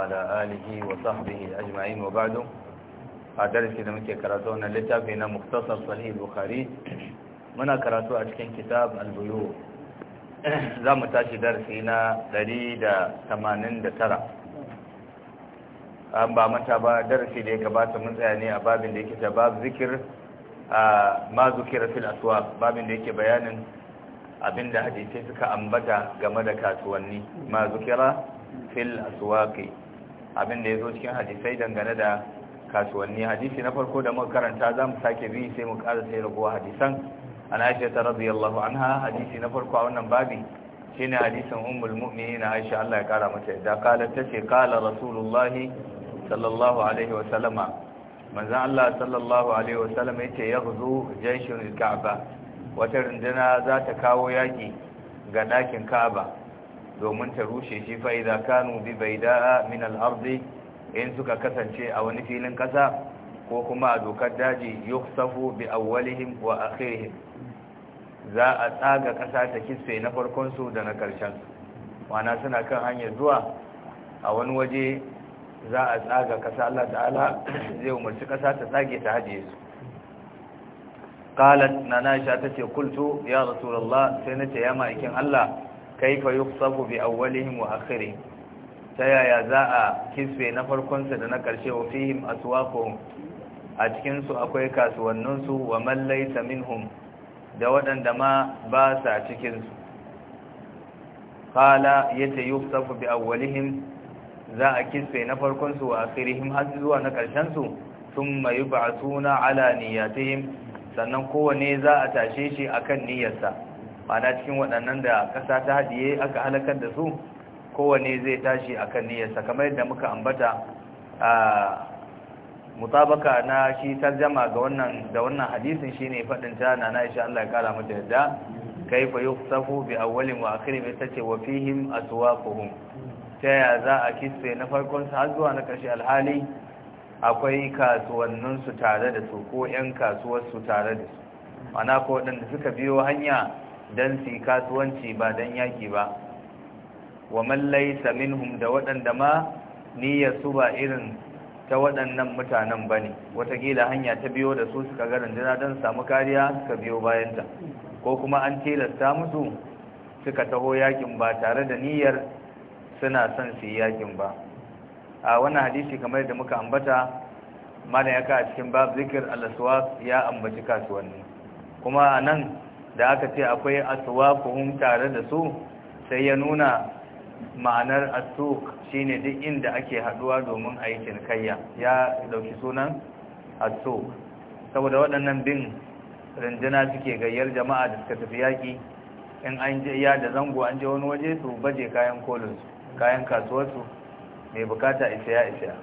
على آله وصحبه أجمعين وبعد أدرس كده مكي كراتونا لتابعنا مختصر صحيح البخاري منا كراتو أشكين كتاب البيوع za mu tashi darasi na 189 an ba mata ba darasi da ya gabata mun tsaya ne a babin da yake da bab zikir a ma zukira fil aswaq babin da yake bayanin abinda hadisi suka ambata game da kasuwanni ma zukira fil aswaqi abin da ya zo cikin hadisai dangane da kasuwanni hadisi na farko da muka karanta za mu sake bi sai mu ƙara sai raguwa hadisan an aisha ta an ha hadisi na farko a wannan babi hadisan hadisin ummul na aisha Allah ya kara mata yadda kala ce kala rasulullahi sallallahu alaihi wa sallama manzan Allah sallallahu alaihi wa sallama ya yaghzu jaishul ka'aba wata runduna za ta kawo yaki ga ɗakin ka'aba domin ta rushe shi fa idza kanu bi bayda'a min al-ardi in suka kasance a wani filin kasa ko kuma a dokar daji yukhsafu bi awwalihim wa akhirihim za a tsaga kasa ta kisse na farkon su da na karshen su wana suna kan hanyar zuwa a wani waje za a tsaga kasa Allah ta'ala zai umarci kasa ta tsage ta haje su qalat nana sha tace kultu ya rasulullah sai nace ya ma'aikin Allah kaifa yuqsabu bi awwalihim wa akhirihim ta yaya za'a a kiswe na farkonsa da na karshe wa fihim aswaquhum a cikin su akwai kasuwannin su wa man laysa minhum da waɗanda ma ba sa cikin su qala yata yuqsabu bi awwalihim za a kiswe na farkon su wa akhirihim har zuwa na karshen su thumma yub'atuna ala niyyatihim sannan kowane za a tashe shi akan niyyarsa ma'ana cikin waɗannan da ƙasa ta haɗiye aka halakar da su kowane zai tashi a kan niyyarsa kamar yadda muka ambata a mutabaka na shi tarjama ga wannan da wannan hadisin shine faɗin ta na na ishi Allah ya ƙara mata yadda kaifa safu bi awwalin wa akhirin tace wa fihim kuhun ta ya za a kisse na farkon su har zuwa na ƙarshe alhali akwai kasuwanninsu tare da su ko yan kasuwarsu tare da su ana ko waɗanda suka biyo hanya don su yi kasuwanci ba don yaƙi ba wa mallai saminhum da waɗanda ma niyyar su ba irin ta waɗannan mutanen ba ne watakila hanya ta biyo da su suka ga rundunar don samu kariya suka biyo bayanta ko kuma an tilasta musu suka taho yakin ba tare da niyyar suna son su yi yakin ba a wannan hadisi kamar da muka ambata mana ya ka a cikin bab zikir al ya ambaci kasuwanni kuma a nan da aka ce akwai aswaquhum tare da su sai ya nuna ma'anar asuk shine duk inda ake haduwa domin aikin kayya ya dauki sunan asuk saboda waɗannan bin rinjina suke gayyar jama'a da suka tafi yaki in an je ya da zango an je wani waje su baje kayan kolin kayan kasuwarsu mai bukata isa ya isa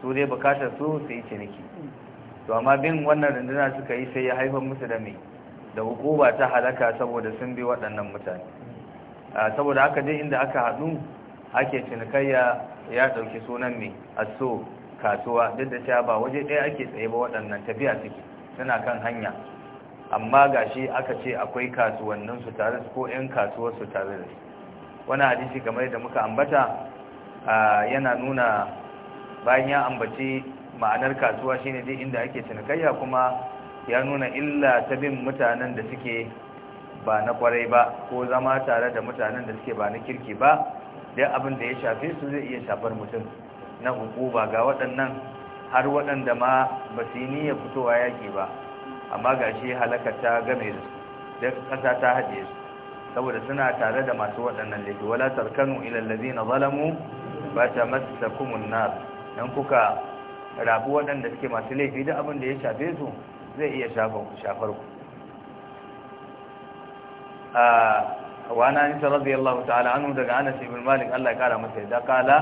su dai bukatar su su yi ciniki to amma bin wannan rinjina suka yi sai ya haifar musu da mai da hukuma ta halaka saboda sun bi waɗannan mutane saboda haka dai inda aka haɗu ake cinikayya ya ɗauki sunan mai aso kasuwa duk da cewa ba waje ɗaya ake tsaye ba waɗannan tafiya suke suna kan hanya amma shi aka ce akwai kasuwannin su tare ko ƴan kasuwar su tare da wani hadisi kamar da muka ambata yana nuna bayan ya ambaci ma'anar kasuwa shine duk inda ake cinikayya kuma ya nuna illa ta bin mutanen da suke ba na kwarai ba ko zama tare da mutanen da suke ba na kirki ba dai abin da ya shafe su zai iya shafar mutum na ba ga waɗannan har waɗanda ma ba su yi niyyar fitowa yaƙi ba amma ga shi halakar ta game da su ƙasa ta haɗe su saboda suna tare da masu waɗannan laifi wala tarkanu ila na zalamu ba ta masakumun nar dan kuka rabu waɗanda suke masu laifi da abin da ya shafe su zai iya shafar ku a wana nisa radiyallahu ta'ala anhu daga anas ibn malik Allah ya kara masa yadda kala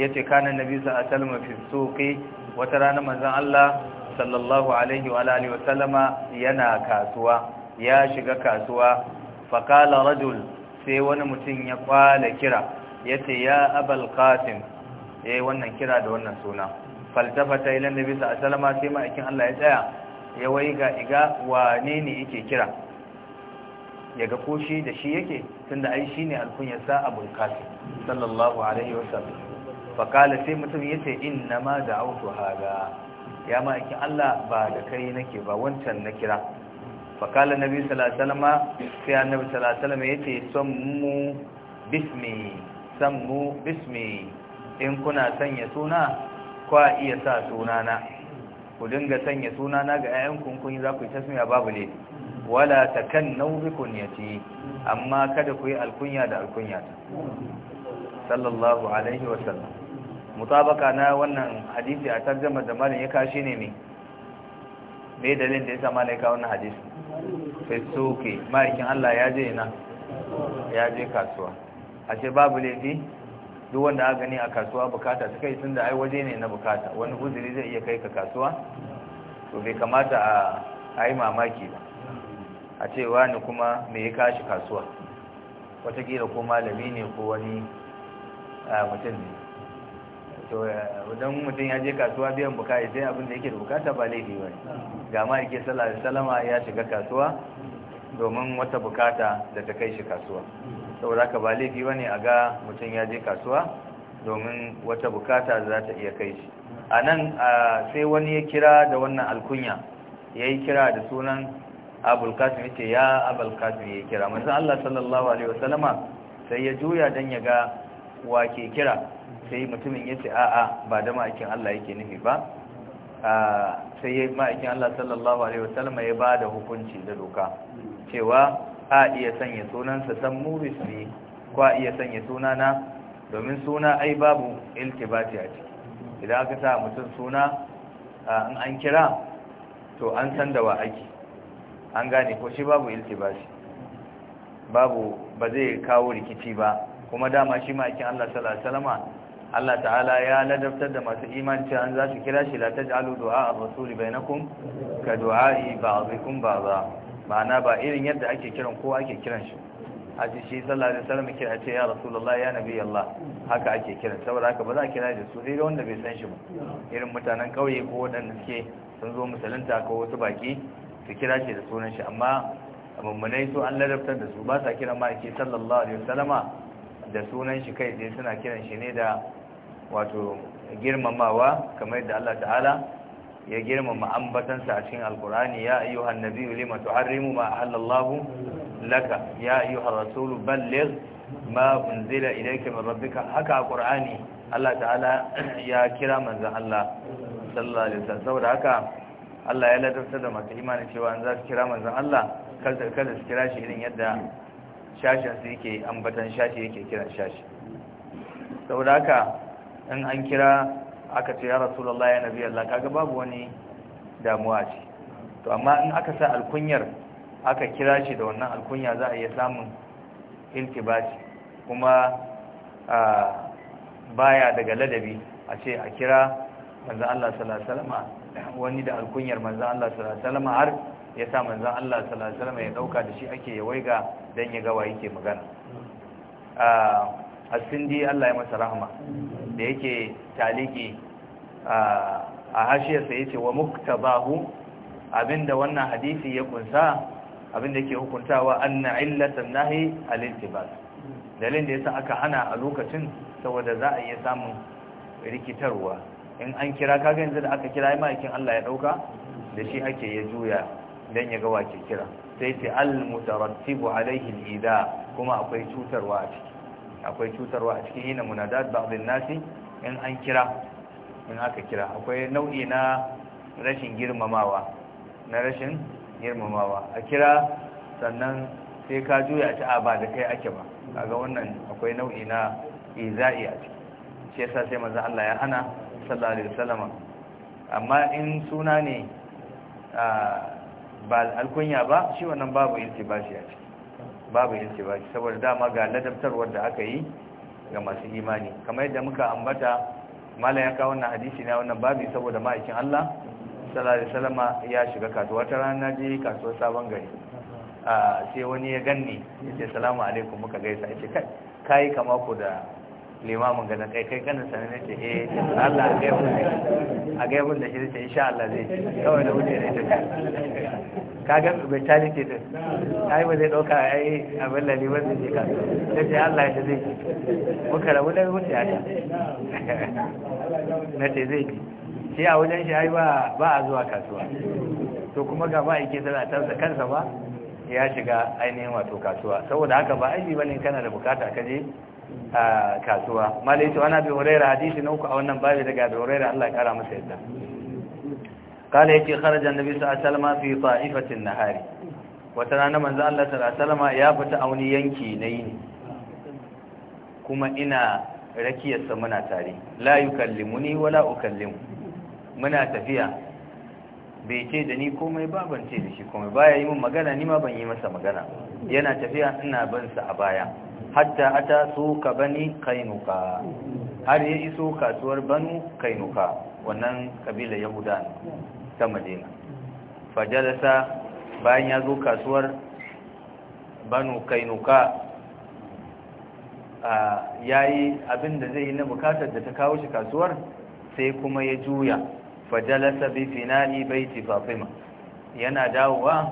yace kana nabi sa sallama fi suqi wata rana manzon Allah sallallahu alaihi wa alihi wa yana kasuwa ya shiga kasuwa fa kala rajul sai wani mutum ya kwala kira yace ya abul qasim yayi eh, wannan kira da wannan suna faltafata ila nabi sa sallama sai ma'aikin Allah ya tsaya ya wai ga iga wane ne yake kira ya ga koshi da shi yake tunda ai shi ne alkunyarsa abul kasi sallallahu alaihi wasallam faƙala sai mutum ya ce inna ma da auto haga ya ma'aikin Allah ba da kai nake ba wancan na kira faƙala nabi salasalama sai annabi salasalama ya ce son mu bismi san mu bismi in kuna sanya suna kwa iya sa sunana ku dinga sanya suna na ga yayan kunkuni za ku yi tasmiya babu ne wala takannu ya kunyati amma kada ku yi alkunya da alkunya ta sallallahu alaihi wa sallam mutabaka na wannan hadisi a tarjuma da malin ya kashi ne me me dalilin da yasa malin ya kawo wannan hadisi fesuke ma'aikin Allah ya je na ya je kasuwa ashe babu laifi duk wanda aka gani a kasuwa bukata kai yi tunda ai waje ne na bukata wani uzuri zai iya kai ka kasuwa to bai kamata a yi mamaki ba a ce wani kuma me ya kashi kasuwa watakila ko malami ne ko wani mutum ne to wajen eh, mutum ya je kasuwa biyan bukata sai abin da yake da bukata ba laifi ba ga ma yake salama ya shiga kasuwa domin wata bukata da ta kai shi kasuwa saboda ka ba laifi ne a ga mutum ya je kasuwa domin wata bukata za ta iya kai shi a nan sai wani ya kira da wannan alkunya ya yi kira da sunan abulkasim ya ce ya abulkasim ya kira masu Allah sallallahu alaihi wasallama sai ya juya don ya ga wa ke kira sai mutumin ya ce a'a ba da ma'aikin Allah yake nufi ba sai ma'aikin Allah sallallahu alaihi wasallama ya ba da hukunci da doka cewa a iya sanya sunansa sammu ne ko a iya sanya sunana domin suna ai babu iltibati a ciki idan aka sa mutum suna in an kira to an san da wa ake an gane ko shi babu iltibati babu ba zai kawo rikici ba kuma dama shi aikin Allah sallallahu alaihi Allah ta'ala ya ladabtar da masu imanci an za su kira shi latar la a du'a bai na kum ka du'a'i ba ba. ma'ana ba irin yadda ake kiran ko ake kiran shi a ce shi sallallahu alaihi wasallam kira ce ya ya nabi Allah haka ake kiran saboda haka ba za a kira da su sai wanda bai san shi ba irin mutanen kauye ko wadanda suke sun zo musulunta ko wasu baki su kira shi da sunan shi amma mummunai su an ladabtar da su ba sa kiran ake sallallahu alaihi wasallama da sunan shi kai sai suna kiran shi ne da wato girmamawa kamar yadda Allah ta'ala ya girmama ambatansa a cikin alkur'ani ya ayyuhan nabiyyu lima tuharrimu ma ahallallahu laka ya ayyuhar rasulu balligh ma unzila ilayka min rabbika haka alkur'ani Allah ta'ala ya kira manzon Allah sallallahu alaihi wasallam saboda haka Allah ya ladarta da masu imani cewa an za su kira manzon Allah kada kada su kira shi irin yadda shashin su yake ambatan shashi yake kiran shashi saboda haka in an kira aka ce ya rasulallah ya nabi Allah kaga babu wani damuwa ce to amma in aka sa alkunyar aka kira shi da wannan alkunya za a iya samun iltibaci kuma baya daga ladabi a ce a kira manzan Allah salasalama wani da alkunyar manzan Allah salasalama har ya sa manzan Allah salasalama ya dauka da shi ake yawaiga don ya wa yake magana a sindi Allah ya masa rahama da yake taliki a hashiyarsa ce wa muktabahu abinda wannan hadisi ya kunsa abinda yake hukuntawa anna illatan nahi al-iltibas dalilin da yasa aka hana a lokacin saboda za a iya samun rikitarwa in an kira kaga yanzu da aka kira ma'aikin Allah ya dauka da shi ake ya juya dan ya ga wake kira sai ce al-mutarattibu alaihi al kuma akwai cutarwa a ciki akwai cutarwa a cikin hina munadat ba'dhin nasi in an kira in aka kira akwai nau'i na rashin girmamawa na rashin girmamawa a kira sannan sai ka juya ta a ba da kai ake ba kaga wannan akwai nau'i na iza'i a ciki shi yasa sai manzo Allah ya hana sallallahu alaihi wasallam amma in suna ne ba alkunya ba shi wannan babu iltibashi a ciki babu iltibaki saboda dama ga ladabtarwar da aka yi ga masu imani kamar yadda muka ambata mala ya kawo wannan hadisi na wannan babu saboda ma'aikin Allah sallallahu alaihi ya shiga kasuwa ta rana je kasuwar sabon gari sai wani ya ganni yace salamu alaikum muka gaisa yace kai kai kama ku da limamin ganin kai kai ganin sanin ne ce eh Allah a gaibu ne a gaibun da shi ce insha Allah zai kawai da wuce ne ta ka ga ke da ai ba zai dauka ai abin da liman zai ka sai ce Allah ya zai muka rabu da wuce ya ta na ce zai ji shi a wajen shi ai ba ba a zuwa kasuwa to kuma ga ba yake sana tarsa kansa ba ya shiga ainihin wato kasuwa saboda haka ba aiki bane kana da bukata ka je a kasuwa malai ce wani abin horaira hadisi na uku a wannan babi daga abin horaira Allah ya kara masa yadda kala yake kharajan nabi a salama fi ta'ifatin hari. wata rana manzo Allah sallallahu salama ya fita a wani yanki na yini kuma ina rakiyarsa muna tare la muni wala ukallimu muna tafiya bai ce da ni komai ba ban ce da shi komai baya yi min magana ni ma ban yi masa magana yana tafiya ina ban a baya hatta ata ka bani kainuka har ya iso kasuwar banu kainuka wannan kabilar yahuda ta madina fajalasa bayan ya zo kasuwar banu kainuka ya yi abin da zai yi na bukatar da ta kawo shi kasuwar sai kuma ya juya fajalasa bi bai baiti fafima yana dawowa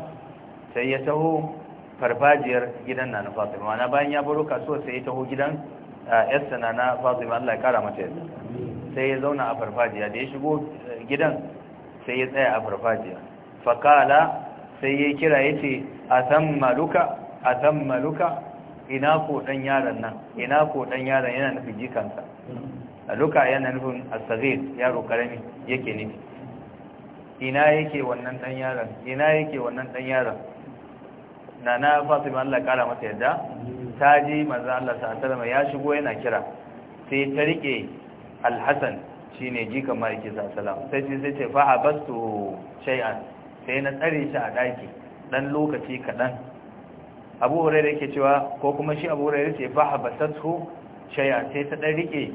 sai ya taho farfajiyar gidan na fafima wana bayan ya baro kasuwa sai ya taho gidan yarsa na na fafima Allah ya kara mata yadda sai ya zauna a farfajiya da ya shigo gidan sai ya tsaya a farfajiya fakala sai ya kira ya ce a san maluka a san maluka ina ko dan yaron nan ina ko dan yaron yana nufin jikansa a duka yana nufin asagir yaro karami yake nufi ina yake wannan dan yaron ina yake wannan dan yaron fasu ma Allah kara mata yadda ta ji maza Allah sallallahu ya shigo yana kira sai ta rike alhasan shine jikan maliki sallallahu sai sai ce fa basu shay'an sai na tsare shi a daki dan lokaci kadan abu da yake cewa ko kuma shi abu hurairah ce fa basu shay'an sai ta dan rike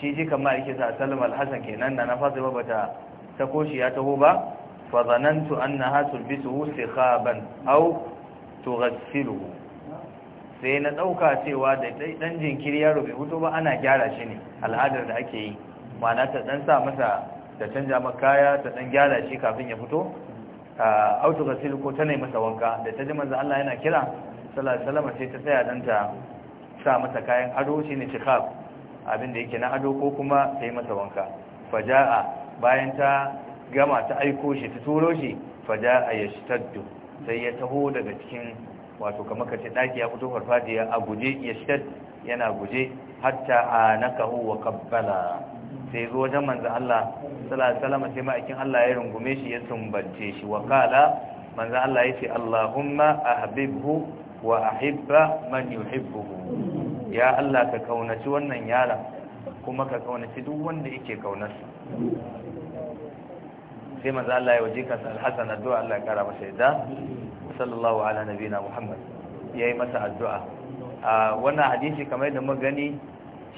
shi kamar ake sa salama alhassan kenan na na ba bata ta koshi ya taho ba na zanantu annaha wuce sikhaban au tughassiluhu sai na ɗauka cewa da ɗan jinkiri ya rufe hutu ba ana gyara shi ne al'adar da ake yi mana ta ɗan sa masa ta canja makaya ta ɗan gyara shi kafin ya fito aw tughassilu ko ta ne masa wanka da ta ji manzo Allah yana kira salama ce ta tsaya dan ta sa masa kayan ado shi ne shikhab abin da yake na ado ko kuma ta yi masa wanka faja'a bayan ta gama ta aiko shi ta turo shi faja'a ya shtaddu sai ya taho daga cikin wato kamar ka ce daki ya fito farfajiya a guje ya shtad yana guje hatta a kahu wa qabbala sai zo wajen manzo Allah sallallahu sai ma'aikin Allah ya rungume shi ya sumbace shi wa kala manzo Allah ce Allahumma ahbibhu wa ahibba man yuhibbuhu ya Allah ka kaunaci wannan yara kuma ka kaunaci duk wanda yake kaunarsa sai manzo Allah ya waje kasa Alhassan hasan addu'a Allah ya kara masa yadda sallallahu ala nabina Muhammad yayi masa addu'a a wannan hadisi kamar yadda muka gani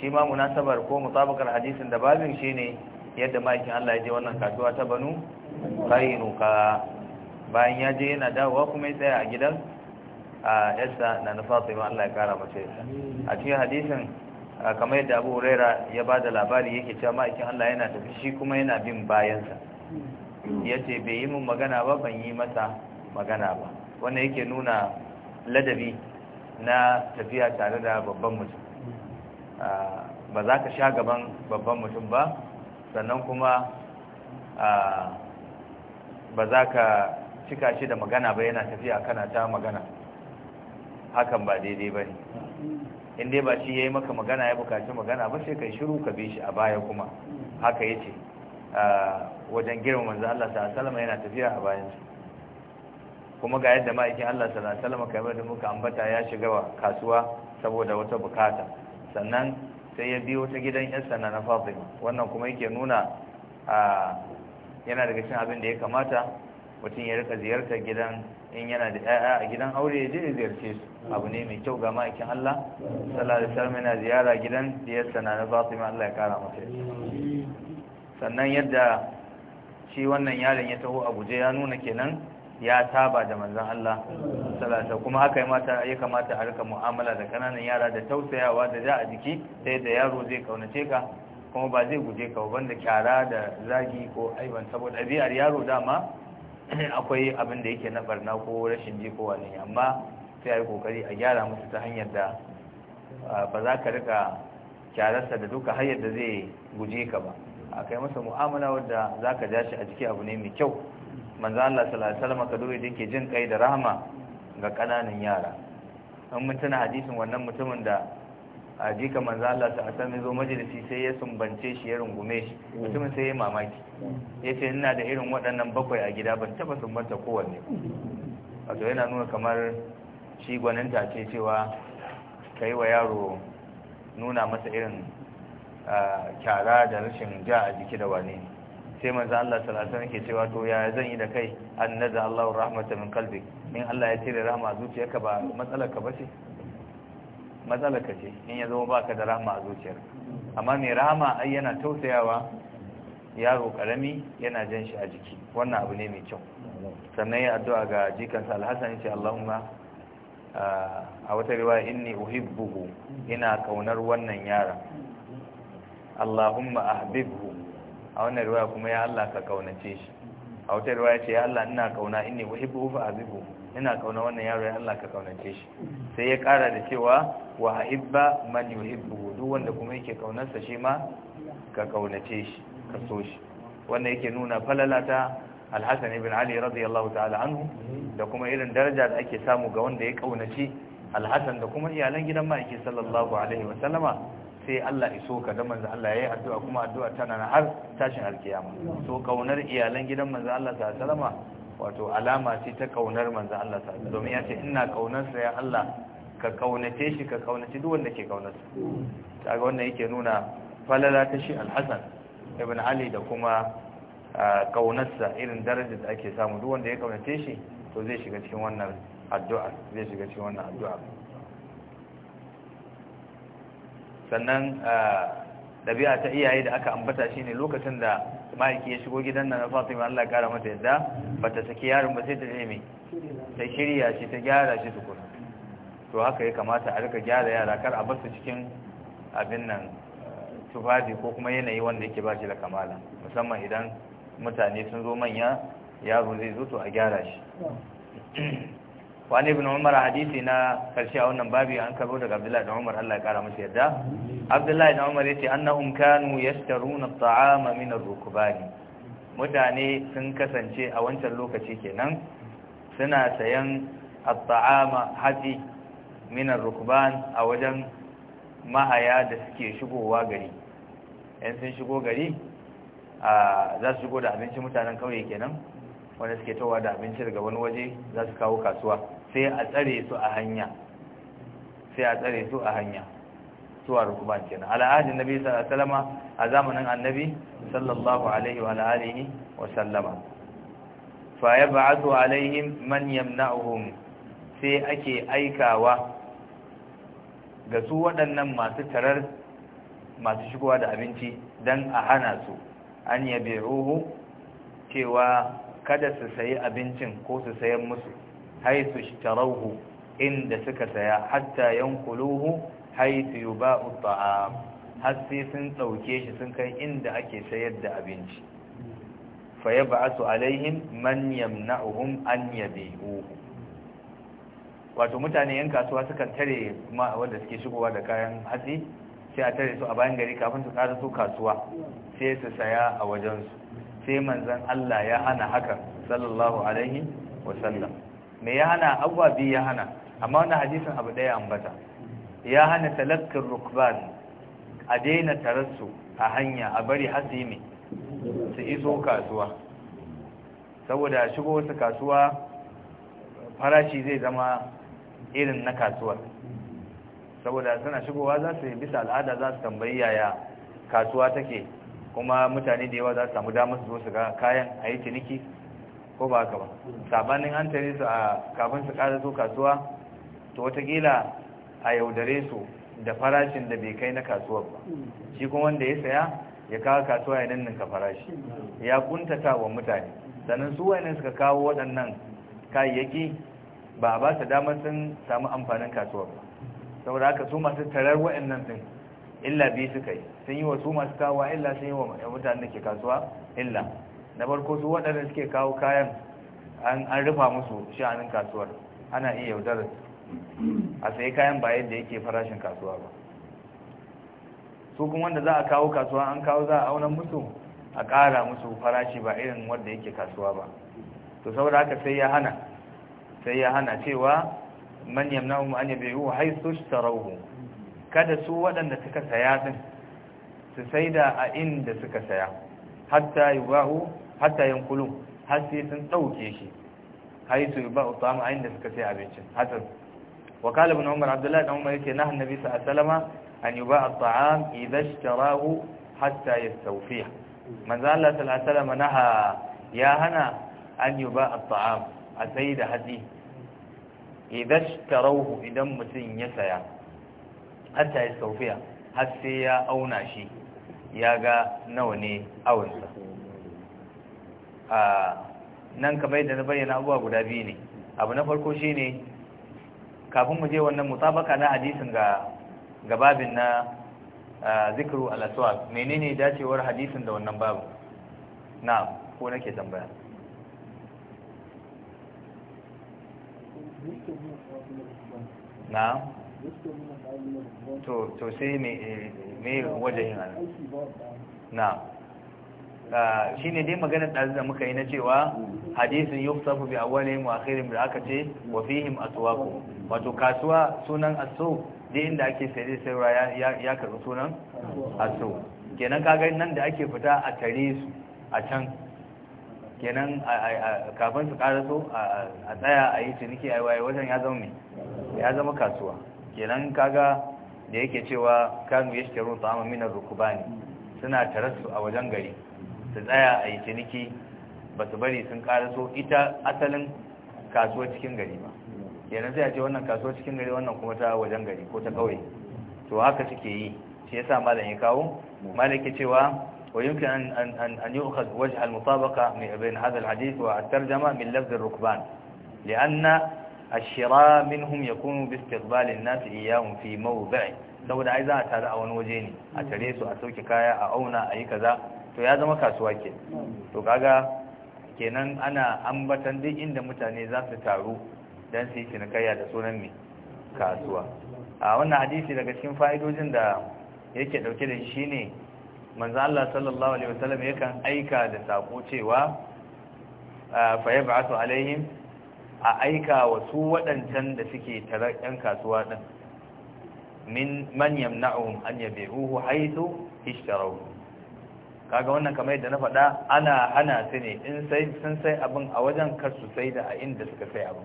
shi ma munasabar ko mutabakar hadisin da babin shine yadda ma'aikin Allah ya je wannan kasuwa ta Banu nuka bayan ya je yana dawowa kuma ya tsaya a gidan a yadda na nufatu ma Allah ya kara mace a cikin hadisin kamar yadda abu huraira ya ba da labari yake cewa ma'aikin Allah yana tafi shi kuma yana bin bayansa ya ce bai yi mun magana ba ban yi masa magana ba wanda yake nuna ladabi na tafiya tare da babban mutum ba za ka sha gaban babban mutum ba sannan kuma ba za ka cika shi da magana ba yana tafiya kana ta magana hakan ba daidai ba ne in dai ba shi ya yi maka magana ya bukaci magana ba sai kai shiru ka bi shi a baya kuma haka ya ce wajen girma manzo Allah sallallahu alaihi yana tafiya a bayan su kuma ga yadda ma'aikin Allah sallallahu alaihi wasallam kamar da muka ambata ya shiga wa kasuwa saboda wata bukata sannan sai ya biyo ta gidan yarsa na Fatima wannan kuma yake nuna yana daga cin abin da ya kamata mutum ya rika ziyartar gidan in yana da 'ya'ya a gidan aure ya je ya ziyarce su abu ne mai kyau ga ma'aikin Allah sallallahu alaihi wasallam yana ziyara gidan diyarsa na na Fatima Allah ya kara masa sannan yadda shi wannan yaron ya taho a guje ya nuna kenan ya saba da manzon Allah sallallahu kuma haka ya mata ya kamata a rika mu'amala da kananan yara da tausayawa da za a jiki sai da yaro zai kaunace ka kuma ba zai guje ka ba banda kyara da zagi ko aiban saboda ɗabi'ar yaro dama akwai abin da yake na barna ko rashin ji ko wani amma sai a yi kokari a gyara musu ta hanyar da ba za ka rika kyararsa da duka hanyar da zai guje ka ba a kai masa mu'amala wadda za ka ja shi a jiki abu ne mai kyau manzan Allah sallallahu alaihi wasallam kaduri da yake jin kai da rahama ga kananan yara an mun hadisin wannan mutumin da a jika manzo Allah ta asan zo majalisi sai ya sumbance shi ya rungume shi mutumin sai ya mamaki Ya yace ina da irin waɗannan bakwai a gida ban taba sumbanta kowanne wato yana nuna kamar shi gwaninta ce cewa yi wa yaro nuna masa irin kyara da rashin ja a jiki da wane sai manzo Allah ta alaihi ke cewa to ya zan yi da kai annaza Allahu rahmatan min kalbi in Allah ya cire rahma zuciyarka ba matsalar ka ba bace matsalar ka ce in ya zama baka da rahama a zuciyar amma mai rahama ai yana tausayawa yaro karami yana jan shi a jiki wannan abu ne mai kyau sannan ya addu'a ga jikansa alhassan ce Allahumma a wata riwaya inni uhibbuhu ina kaunar wannan yara Allahumma ahbibhu a wannan riwaya kuma ya Allah ka kaunace shi a wata riwaya ce ya Allah ina kauna inni uhibbuhu fa ahbibhu ina kauna wannan yaro ya Allah ka kaunance shi sai ya kara da cewa wa ahibba man yuhibbu duk wanda kuma yake sa shi ma ka kaunace shi ka so shi wannan yake nuna falalata Al-Hasan ibn Ali radiyallahu ta'ala anhu da kuma irin daraja da ake samu ga wanda ya kaunaci Al-Hasan da kuma iyalan gidan ma'aiki sallallahu alaihi wa sallama sai Allah ya iso ka da manzo Allah yayi addu'a kuma addu'a tana har tashin alkiyama so kaunar iyalan gidan manzo Allah sallallahu alaihi wa sallama wato alama ce ta kaunar manzan Allah ta domin ya ce ina kaunarsa ya Allah ka kaunace shi ka kaunace duk wanda ke kaunarsa ga wannan yake nuna falala ta shi AlHassan ibn Ali da kuma kaunarsa irin darajar da ake samu duk wanda ya kaunace shi to zai shiga cikin wannan addu'a zai shiga cikin wannan addu'a sannan ɗabi'a ta iyaye da aka ambata shine lokacin da mahaifi ya shigo gidan nan na Fatima Allah kara mata yadda bata saki yarin ba sai ta je ta shirya shi ta gyara shi tukuna to haka ya kamata a rika gyara yara kar a basu cikin abin nan eh, tufafi ko kuma yanayi wanda yake ba shi da kamala musamman idan mutane sun zo manya yaro zai zo to a gyara shi wani ibn umar hadisi na karshe a wannan babi an karo daga abdullahi da umar Allah ya kara masa yarda abdullahi da umar yace annahum kanu yashtaruna at'ama min ar-rukbani mutane sun kasance a wancan lokaci kenan suna sayan at'ama hadi min ar-rukban a wajen mahaya da suke shigowa gari yan sun shigo gari a za su shigo da abinci mutanen kauye kenan wanda suke towa da abinci daga wani waje za su kawo kasuwa sai a tsare su a hanya sai a tsare su a hanya a rukuban kenan al'adin nabi sallallahu alaihi wasallama a zamanin annabi sallallahu alaihi wa alihi wa sallama fa yab'athu alaihim man yamna'uhum sai ake aikawa ga su waɗannan masu tarar masu shigowa da abinci dan a hana su an yabi'uhu cewa kada su sayi abincin ko su sayan musu haisu ishtarauhu inda suka saya hatta yankuluhu haisu yuba'u ta'am har sai sun ɗauke shi sun kai inda ake sayar da abinci fa su, "Alaihin man yamna'uhum an yabi'uhu wato mutane yan kasuwa sukan tare ma wanda suke shigowa da kayan hatsi sai a tare su a bayan gari kafin su ƙara su kasuwa sai su saya a wajensu sai manzan Allah ya hana hakan sallallahu alaihi wasallam me ya hana abuwa biyu ya hana amma wani hadisin abu ɗaya ambata ya hana talakkin rukban a daina tararsu a hanya a bari har su mai su iso kasuwa saboda shigo wasu kasuwa farashi zai zama irin na kasuwar saboda suna shigowa za su bisa al'ada za su tambayi yaya kasuwa take kuma mutane da yawa za su samu damar su zo su ga kayan a yi ciniki ko ba haka ba sabanin an tare su a kafin su ƙara zo kasuwa to watakila a yaudare su da farashin da bai kai na kasuwar ba shi kuma wanda ya saya ya kawo kasuwa ya ka farashi ya kuntata wa mutane sannan su wani suka kawo waɗannan kayayyaki ba a ba su damar sun samu amfanin kasuwar ba saboda haka su masu tarar waɗannan sun illa biyu suka yi sun yi wa su masu kawo illa sun yi wa mutane da ke kasuwa illa na farko su waɗanda suke kawo kayan an rufa musu sha'anin kasuwar ana iya yaudar a sayi kayan ba yadda yake farashin kasuwa ba su kuma wanda za a kawo kasuwa an kawo za a auna musu a ƙara musu farashi ba irin wanda yake kasuwa ba to saboda haka sai ya hana sai ya hana cewa man yamnahum an yabi'u haythu rauhu kada su waɗanda suka saya din su saida a inda suka saya hatta yubahu hatta yankulun har sai sun dauke shi haitu ba utam a da suka sai abincin hatta wa qala ibn umar abdullahi dan umar yake na nabi sallallahu alaihi wasallama an yuba at-ta'am idha ishtarahu hatta yastawfiya manzo Allah sallallahu alaihi wasallama naha ya hana an yuba at-ta'am a sai da hadi idha ishtarawhu idan mutun ya saya hatta yastawfiya har sai ya auna shi ya ga nawa ne awansa? a nan kamar yadda na bayyana abubuwa guda biyu ne abu na farko shi ne kafin mu je wannan mutabaka na hadisin ga gababin na zikiru al menene dacewar hadisin da wannan babu na ko nake tambaya na to sai me me wajen na shine dai maganar ɗazu da muka yi na cewa hadisin yufsafu bi awwalihim wa akhirihim da aka ce wa fihim aswaqu wato kasuwa sunan aso dai inda ake sayar sayarwa ya karu sunan aso kenan kaga nan da ake fita a tare su a can kenan kafin su karaso a tsaya a yi ciniki a waye wajen ya zama ya zama kasuwa kenan kaga da yake cewa kanu ya yashtarun ta'ama min ar rukubani suna su a wajen gari su tsaya a yi ciniki ba su bari sun karaso ita asalin kasuwa cikin gari ba kenan sai a ce wannan kasuwa cikin gari wannan kuma ta wajen gari ko ta kauye to haka suke yi shi yasa malam ya kawo malaki cewa ويمكن أن, أن, أن, أن wa وجه المطابقة بين هذا الحديث والترجمة من لفظ الركبان لأن الشراء منهم يكون باستقبال الناس إياهم في موضع saboda ai za a tare a wani waje ne a tare su a sauke kaya a auna a yi kaza to ya zama kasuwa ke to kaga kenan ana ambatan duk inda mutane za su taru don su yi cinikayya da sunan mai kasuwa a wannan hadisi daga cikin fa'idojin da yake dauke da shi ne manzo sallallahu alaihi wasallam yakan aika da sako cewa fa su alaihim a aika wasu waɗancan da suke tara ɗan kasuwa ɗin min manyan na'un an yabi'uhu haythu ishtarau kaga wannan kamar yadda na faɗa ana hana su ne in sai sun sai abin a wajen kar su sai da a inda suka sai abin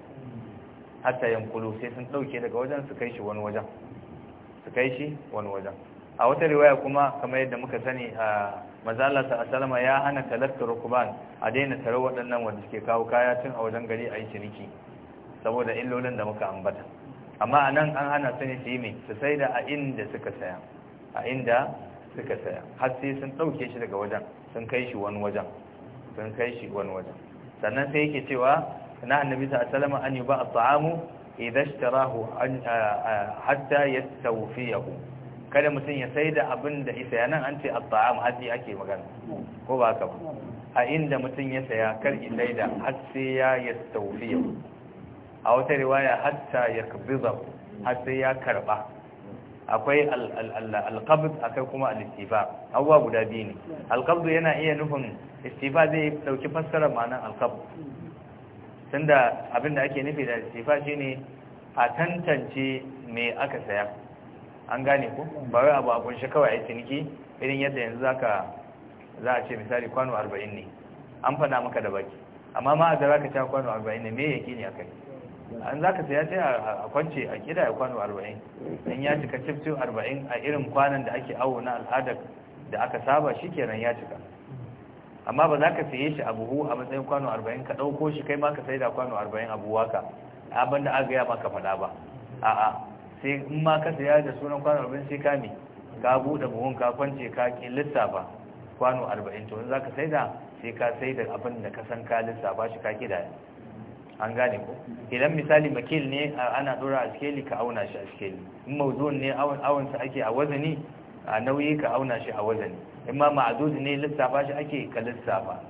hatta yankulu sai sun ɗauke daga wajen su kai shi wani wajen su kai shi wani wajen a wata riwaya kuma kamar yadda muka sani a mazala ta asalama ya hana talatta rukuban a daina tare waɗannan wanda suke kawo kaya tun a wajen gari a yi ciniki saboda illolin da muka ambata amma a nan an hana su ne su yi mai su sai da a inda suka saya a inda suka saya har sai sun ɗauke shi daga wajen sun kai shi wani wajen sun kai shi wani wajen sannan sai yake cewa na annabi ta salama an yi ba a ta'amu idan shtarahu hatta ya tawfiyahu kada mutum ya sai da abin da isa yanan an ce at-ta'am haji ake magana ko ba ka ba a inda mutum ya saya kar ya sai da har sai ya yastawfiyahu a wata riwaya hatta ya yakbizahu har sai ya karba akwai alkabd akai kuma al-istifa abuwa guda biyu ne alkabd yana iya nufin istifa zai dauki fassarar ma'anar alkabd tunda da ake nufi da istifa shine a tantance me aka saya an gane ko ba wai abu a kunshe kawai a ciniki irin yadda yanzu zaka za a ce misali kwano 40 ne an fada maka da baki amma ma a ga zaka ta kwano 40 ne me yake ne akai an za ka saya sai a kwance a kida ya kwano arba'in in ya cika cifcin arba'in a irin kwanan da ake awo na al'adar da aka saba shi kenan ya cika amma ba za ka saye shi a buhu a matsayin kwano arba'in ka ɗauko shi kai ma ka sai da kwano arba'in a buwaka abin da aka gaya ma ka faɗa ba a'a sai in ma ka saya da sunan kwano arba'in sai ka ne ka buɗe buhun ka kwance ka ƙi lissafa kwano arba'in to in za ka sai da sai ka sai da abin da ka san ka lissafa shi ka kidaya an gane ko idan misali makil ne ana dora a ka auna shi a skeli in mawzun ne awon sa ake a wazani a nauyi ka auna shi a wazani in ma ma'dud ne lissafa shi ake ka lissafa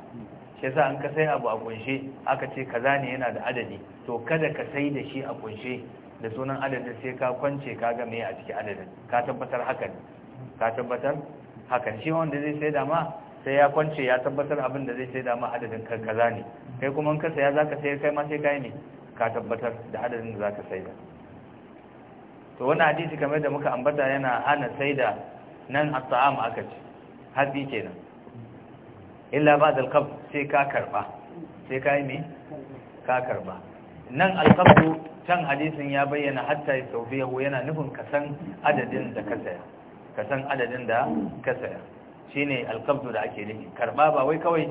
shi yasa an ka sai abu a kunshe aka ce kaza ne yana da adadi to kada ka sai da shi a kunshe da sunan adadin sai ka kwance ka ga me a cikin adadin ka tabbatar hakan ka tabbatar hakan shi wanda zai sai dama. sai ya kwance ya tabbatar abin da zai sai da ma adadin kaza ne kai kuma in ya saya zaka sayar kai ma sai kai ne ka tabbatar da adadin da zaka sai da to wani hadisi kamar da muka ambata yana hana sai da nan a sa'am aka ce ke kenan illa ba da qabd sai ka karba sai kai me ka karba nan al can hadisin ya bayyana hatta sau yana nufin kasan adadin da ka saya kasan adadin da ka saya ne alkabdu da ake nufi karɓa ba wai kawai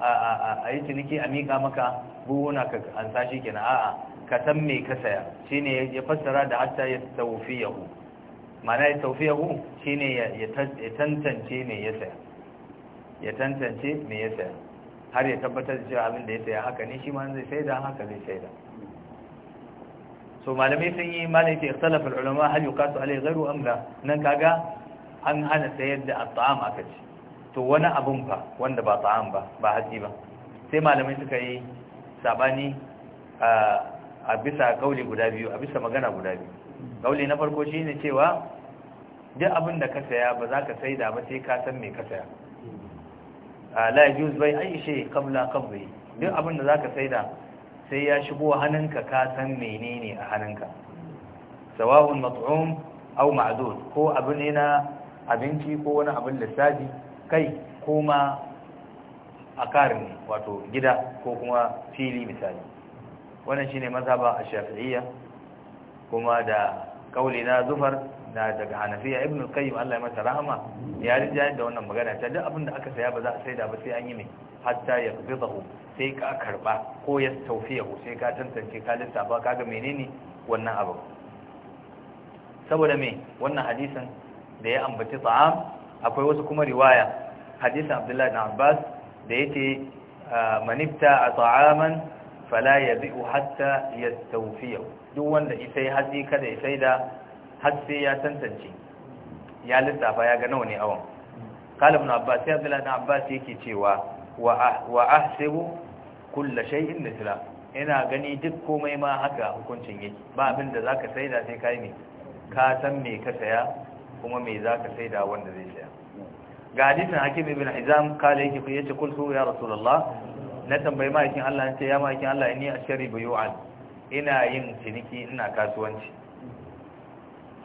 a yi ciniki a miƙa maka buhuna ka ansa shi kenan a'a ka san me ka saya Shi ne ya fassara da hatta ya tawfiyahu ma'ana ya shi ne ya tantance me ya saya ya tantance me ya saya har ya tabbatar da cewa abin da ya saya haka ne shi ma zai da haka zai da. so malamai sun yi malai ta ikhtalafa ulama hal yuqasu alai ghairu amla nan kaga an hana sayar da at'am aka ce to wani abun fa wanda ba ta'am ba ba hatsi ba sai malamai suka yi sabani a bisa kauli guda biyu a bisa magana guda biyu kauli na farko shine cewa duk abin da ka saya ba za ka sai da ba sai ka san me ka saya la yajuz bai ayi shay qabla qabli duk abin da zaka saida sai ya shigo hannunka ka san menene a hannunka Sawahun mat'um aw ma'dud ko abin ne na abinci ko wani abin lissafi kai ko ma a karin wato gida ko kuma fili misali wannan shine mazhaba a shafi'iyya kuma da kauli na zufar na daga hanafiya ibn al-qayyim Allah ya mata rahama ya rija da wannan magana ta duk abin da aka saya ba za a saida ba sai an yi mai hatta ya bidahu sai ka karba ko ya tawfiyahu sai ka tantance ka lissafa kaga menene wannan abu saboda me wannan hadisin da ya ambaci tsa'am akwai wasu kuma riwaya hadisin abdullahi na abbas da ya ce ah, manifta a tsa'aman fala ya bi'u hatta ya taufiya duk wanda isai hatsi kada ya sai da hatsi ya tantance ya lissafa ya ga nawa ne awon na abbas ya abdullahi na abbas yake cewa wa sebo kulla da sila ina gani duk komai ma haka hukuncin yake ba abin da zaka saida sai kai ne ka san me ka saya kuma me za ka sai da wanda zai saya ga hadisin hakim ibn hizam kala yake ku yace kultu ya rasulullah na tambayi ma'aikin Allah ya ce ya ma'aikin Allah ni ashari buyu'an ina yin ciniki ina kasuwanci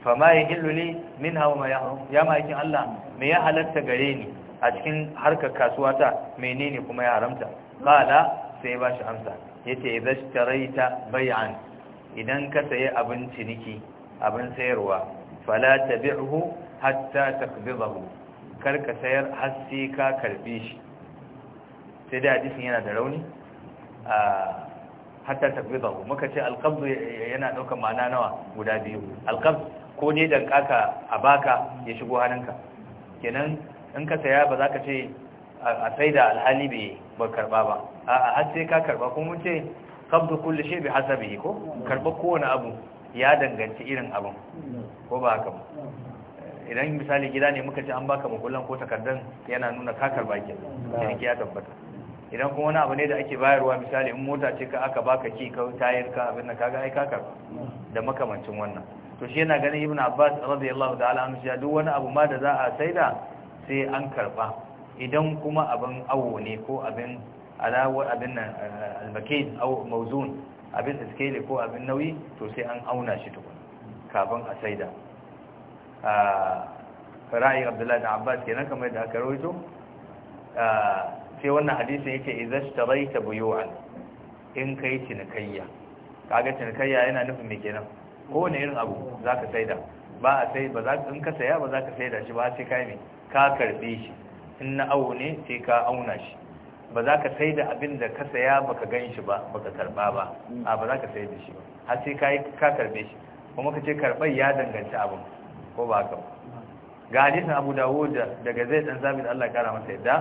Fa fama yahillu li minha wa ma yahrum ya ma'aikin Allah me ya halatta gare ni a cikin harkar kasuwata menene kuma ya haramta kala sai ya bashi amsa yace idza ishtaraita bay'an idan ka sayi abin ciniki abin sayarwa fala tabi'hu hatta taqbidahu karka sayar har sai ka karbe shi sai da hadisin yana da rauni a hatta taqbidahu muka ce alƙabdu yana ɗaukar ma'ana nawa guda biyu alƙabdu ko ne da kaka a baka ya shigo hannunka kenan in ka saya ba za ka ce a sai da alhali bai ba karba ba a har sai ka karba kuma mun ce qabdu kulli shay bi hasabihi ko karba kowane abu ya danganci irin abin ko ba haka idan misali gida ne muka ce an baka makullan ko takardan yana nuna kakar baki jirgi ya tabbata idan kuma wani abu ne da ake bayarwa misali in mota ce ka aka baka ki ka tayar ka abin da kaga ai kakar da makamancin wannan to shi yana ganin ibnu abbas radiyallahu ta'ala anhu ya duk wani abu ma da za a saida sai an karba idan kuma abin awo ne ko abin alawar abin nan eh, albakin aw mawzun abin da skele ko abin nauyi to sai an auna shi tukun kafin a saida ra'ayin abdullahi da abbas kenan kamar da aka rawaito sai wannan hadisin yake izashtaraita buyu'an in kai cinikayya kaga cinikayya yana nufin me kenan kowane irin abu Za sai saida ba a sai ba za ka in ka saya ba za ka saida shi ba sai kai ne ka karbe shi in na awo ne sai ka auna shi ba za ka sai da abin da ka saya baka gan shi ba baka karba ba a ba za ka sai da shi ba har sai ka yi ka karbe shi kuma ka ce karɓar ya danganci abin ko ba ka ba ga hadisin Abu Dawud daga Zaid dan Sabit Allah kara masa yadda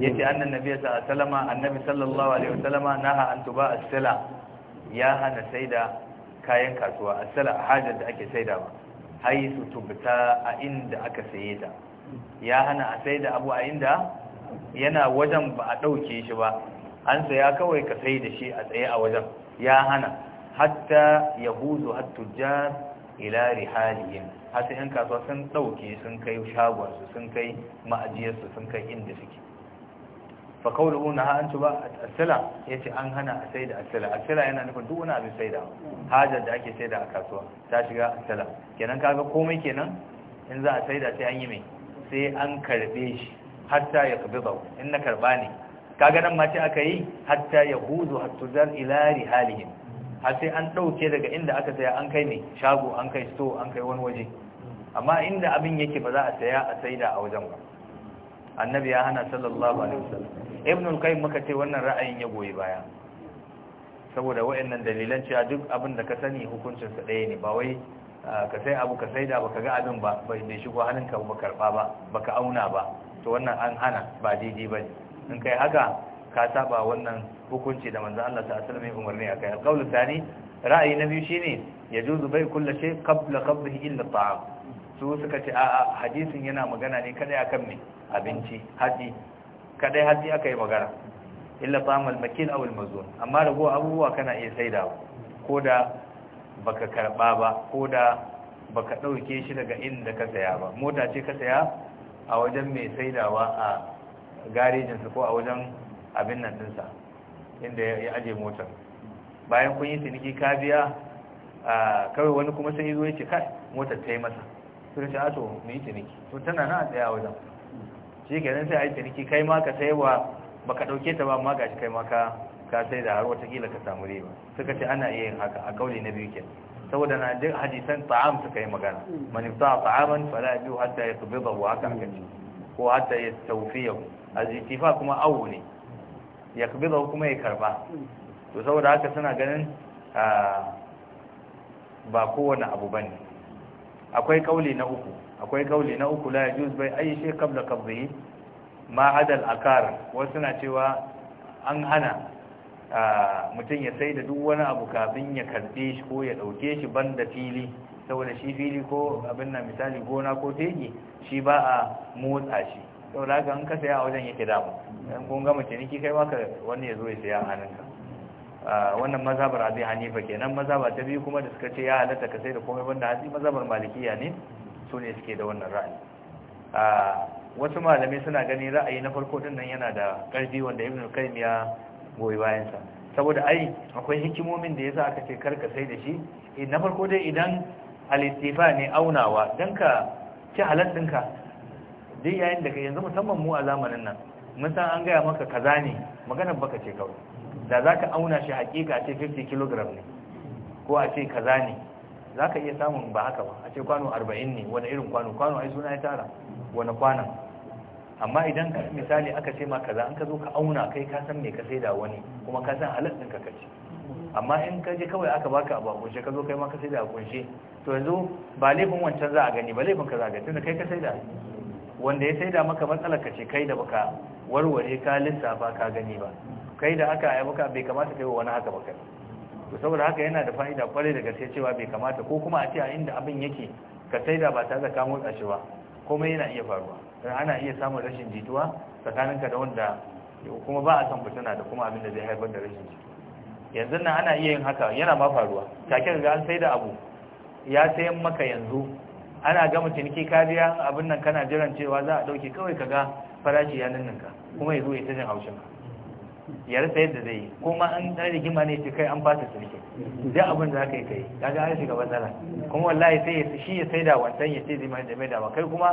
yace annan nabi sallallahu alaihi wasallama annabi sallallahu alaihi wasallama naha an tuba as-sala ya hana saida kayan kasuwa as-sala hajar da ake saidawa haisu tubta a inda aka saye ta ya hana a saida abu a inda yana wajen ba a ɗauke shi ba an saya kawai ka sai da shi a tsaye a wajen ya hana hatta ya huzu hattujjar ila rihalihim har sai 'yan kasuwa sun ɗauke sun kai shagonsu sun kai ma'ajiyarsu sun kai inda suke fa ha na ci ba asila ya ce an hana a sai da a asila yana nufin duk wani abin sai da hajar da ake sai da a kasuwa ta shiga asila kenan kaga komai kenan in za a sai da sai an yi mai sai an karbe shi hatta ya kabizahu in na karba ne kaga nan mace aka yi hatta ya hatta zan ilari halihin. har sai an ɗauke daga inda aka saya an kai ne shago an kai sto an kai wani waje amma inda abin yake ba za a saya a saida a wajen ba annabi ya hana sallallahu alaihi wasallam ibn al-qayyim muka ce wannan ra'ayin ya goyi baya saboda wayannan dalilan cewa duk abin da ka sani hukuncin sa ɗaya ne ba wai ah, ka sai abu ka saida baka ga abin ba bai shigo hannunka ba karba ba baka auna ba to wannan an hana ba daidai ba ne. in kai haka ka saba wannan hukunci da manzo Allah ta asalmi umarni a akai alqaulu tani ra'ayi na biyu shine juzu bai kullu shay qabla qabdihi illa ta'am su suka ce a hadisin yana magana ne kaɗai akan me abinci haji kadai haji akai magana illa ta'am al-makil aw al-mazun amma rago abubuwa kana iya ko da baka karba ba Ko da baka dauke shi daga inda ka saya ba mota ce ka saya a wajen mai saidawa a garejinsa ko a wajen abin nan dinsa inda ya ajiye motar bayan kun yi ciniki ka biya kawai wani kuma sai zo ya ce kai motar ta yi masa sun ce ato mu yi ciniki to tana na a tsaya wajen shi nan sai a yi ciniki kai ma ka ba baka dauke ta ba ma shi kai ma ka ka sai da har watakila ka samu riba suka ce ana iya yin haka a kauli na biyu kenan saboda na jin hadisan ta'am suka yi magana man yafta ta'aman fala yabiu hatta yaqbidahu haka aka ce ko hatta yastawfiyahu azitifa kuma awu ne yaqbidahu kuma ya karba to saboda haka suna ganin ba kowane abu bane akwai kauli na uku akwai kauli na uku la yajuz bai ayi shay qabla qabdihi ma adal akar wasu na cewa an hana mutum ya sai da duk wani abu kafin ya karbe shi ko ya dauke shi banda fili saboda shi fili ko abin nan misali gona ko teji shi ba a motsa shi saboda haka an ka saya a wajen yake damu in kun gama ki kai maka wani ya zo ya saya a hannunka wannan mazhabar abi hanifa kenan mazhaba ta biyu kuma da suka ce ya halatta ka sai da komai banda hatsi mazhabar malikiya ne su ne suke da wannan ra'ayi wasu malamai suna gani ra'ayi na farko din nan yana da ƙarfi wanda ibnu qayyim ya goyi bayansa saboda ai akwai hikimomin da yasa aka ce karka sai da shi eh, na farko dai idan alistifa ne aunawa don ka ci halal ɗinka dai yayin da ka yanzu musamman mu a zamanin nan mun san an gaya maka kaza ne maganar baka ce kawai da za ka auna shi hakika a ce 50 kg ne ko a ce kaza ne za ka iya samun ba haka ba a ce kwano 40 ne wani irin kwano kwano ai suna ya tara wani kwanan amma idan ka misali aka ce ma kaza an ka zo ka auna kai ka san me ka saida wani kuma ka san halal ka kace amma in ka je kawai aka baka abu a kunshe ka zo kai ma ka saida da kunshe to yanzu ba laifin wancan za a gani ba laifin ka za a gani tunda kai ka saida wanda ya saida maka matsalar ka ce kai da baka warware ka lissafa ka gani ba kai da aka yi maka bai kamata kai wa wani haka ba kai to saboda haka yana da fa'ida kwarai da gaske cewa bai kamata ko kuma a ce a inda abin yake ka saida ba tare da ka motsa shi ba komai yana iya faruwa ana iya samun rashin jituwa tsakaninka da wanda kuma ba a san fitina da kuma abin da zai haifar da rashin jituwa yanzu nan ana iya yin haka yana ma faruwa take ga an sai da abu ya sayan maka yanzu ana gama ciniki kariya abin nan kana jiran cewa za a dauke kawai kaga farashi ya ninninka kuma ya zo ya tajin ka. ya rasa yadda zai yi kuma an ɗan rigima ne ce kai an ta ciniki duk abin da aka yi kai kaga an shiga matsala kuma wallahi sai ya shi ya saida wancan ya ce zai mai da mai dama kai kuma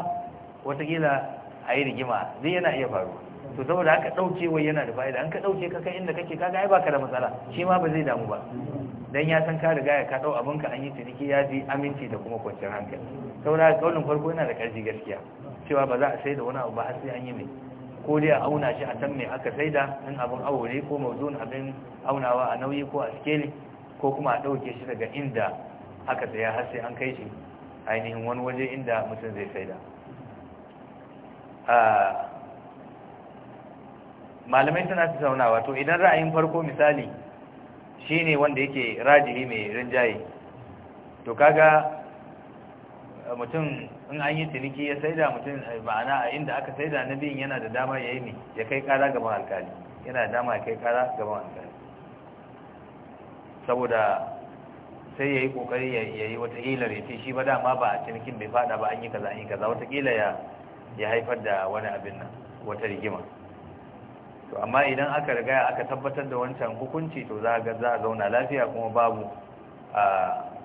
watakila a yi rigima zai yana iya faruwa to saboda haka ɗauke wai yana da fa'ida an ka ɗauke ka kai inda kake kaga ai baka da matsala shi ma ba zai damu ba dan ya san ka riga ya ka ɗau ka an yi ciniki ya ji aminci da kuma kwanciyar hankali saboda haka kaunin farko yana da ƙarfi gaskiya cewa ba za a sai da wani abu ba har sai an yi mai ko dai a auna shi a san me aka saida in abin aure ko mawzun abin aunawa a nauyi ko a skeli ko kuma a ɗauke shi daga inda aka saya har sai an kai shi ainihin wani waje inda mutum zai saida malamai suna tattaunawa wato idan ra'ayin farko misali shine wanda yake rajihi mai rinjaye to kaga mutum in an yi ciniki ya saida mutum eh, ma'ana a inda aka saida na nabi yana da dama ya yi ne ya kai kara gaban alkali yana da dama ya kai kara gaban alkali saboda sai ya yi kokari ya yi wata hilar ya ce shi ba dama ba a cinikin bai fada ba an yi kaza an yi kaza wata ya ya haifar da wani abin nan wata rigima to amma idan aka riga aka tabbatar da wancan hukunci to za ga za a zauna lafiya kuma babu a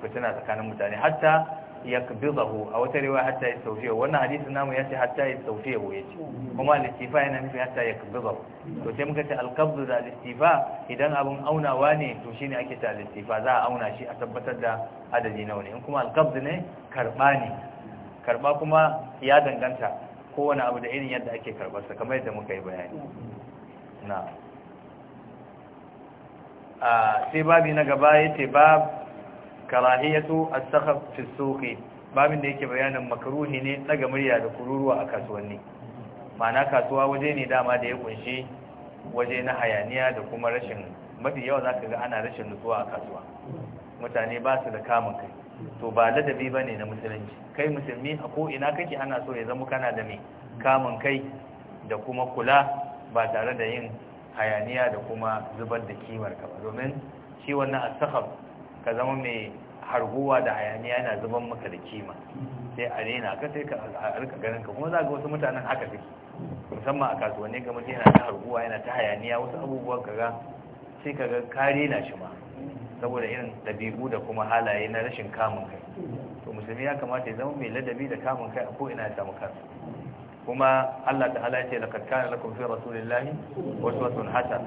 fitina tsakanin mutane hatta yakbidahu a wata riwaya hatta ya saufiya wannan hadisin namu ya ce hatta ya saufiya ko yace kuma al-istifa yana nufin hatta yakbidahu to sai muka ce al-qabd da al-istifa idan abun aunawa ne to shine ake ta al-istifa za a auna shi a tabbatar da adadi nawa ne in kuma al-qabd ne karba ne karba kuma ya danganta kowane abu da irin yadda ake karbarsa kamar yadda muka yi bayani na sai babi na gaba ya ce bab karahiyatu as-sakhab fi suqi babin da yake bayanin makruhi ne daga murya da kururuwa a kasuwanni ma'ana kasuwa waje ne dama da ya kunshi waje na hayaniya da kuma rashin mafi yawa zaka ga ana rashin nutsuwa a kasuwa mutane ba su da kamun kai to ba ladabi ba ne na musulunci kai musulmi a ko'ina kake ana so ya zama kana da mai kamun kai da kuma kula ba tare da yin hayaniya da kuma zubar da kimar ka ba domin shi wannan asahab ka zama mai harguwa da hayaniya yana zuban maka da kima sai a rena ka sai ka alka ganin ka kuma za ga wasu mutanen haka take. musamman a kasuwanni kamar yana ta harguwa yana ta hayaniya wasu abubuwan ka ga sai ka ga ka na shi ma saboda irin ɗabi'u da kuma halaye na rashin kamun kai to musulmi ya kamata ya zama mai ladabi da kamun kai a ko'ina ya samu kansa kuma Allah ta halaye ce laqad kana lakum fi rasulillahi wasu hata,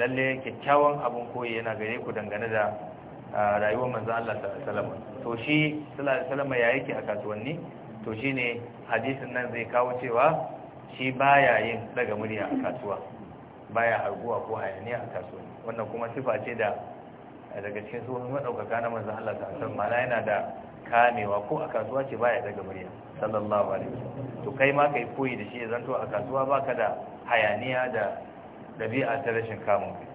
lalle kyakkyawan abun koyi yana gare ku dangane da rayuwar manzan Allah ta salama to shi sallallahu ya yake a kasuwanni to shi ne hadisin nan zai kawo cewa shi baya yin daga murya a kasuwa baya arguwa ko hayaniya a kasuwanni wannan kuma sifa ce da daga cikin sunan maɗaukaka na manzan Allah ta san mana yana da kamewa ko a kasuwa ce baya daga murya sallallahu alaihi to kai ma kai koyi da shi zanto a kasuwa baka da hayaniya da dabi'a ta rashin kamun kai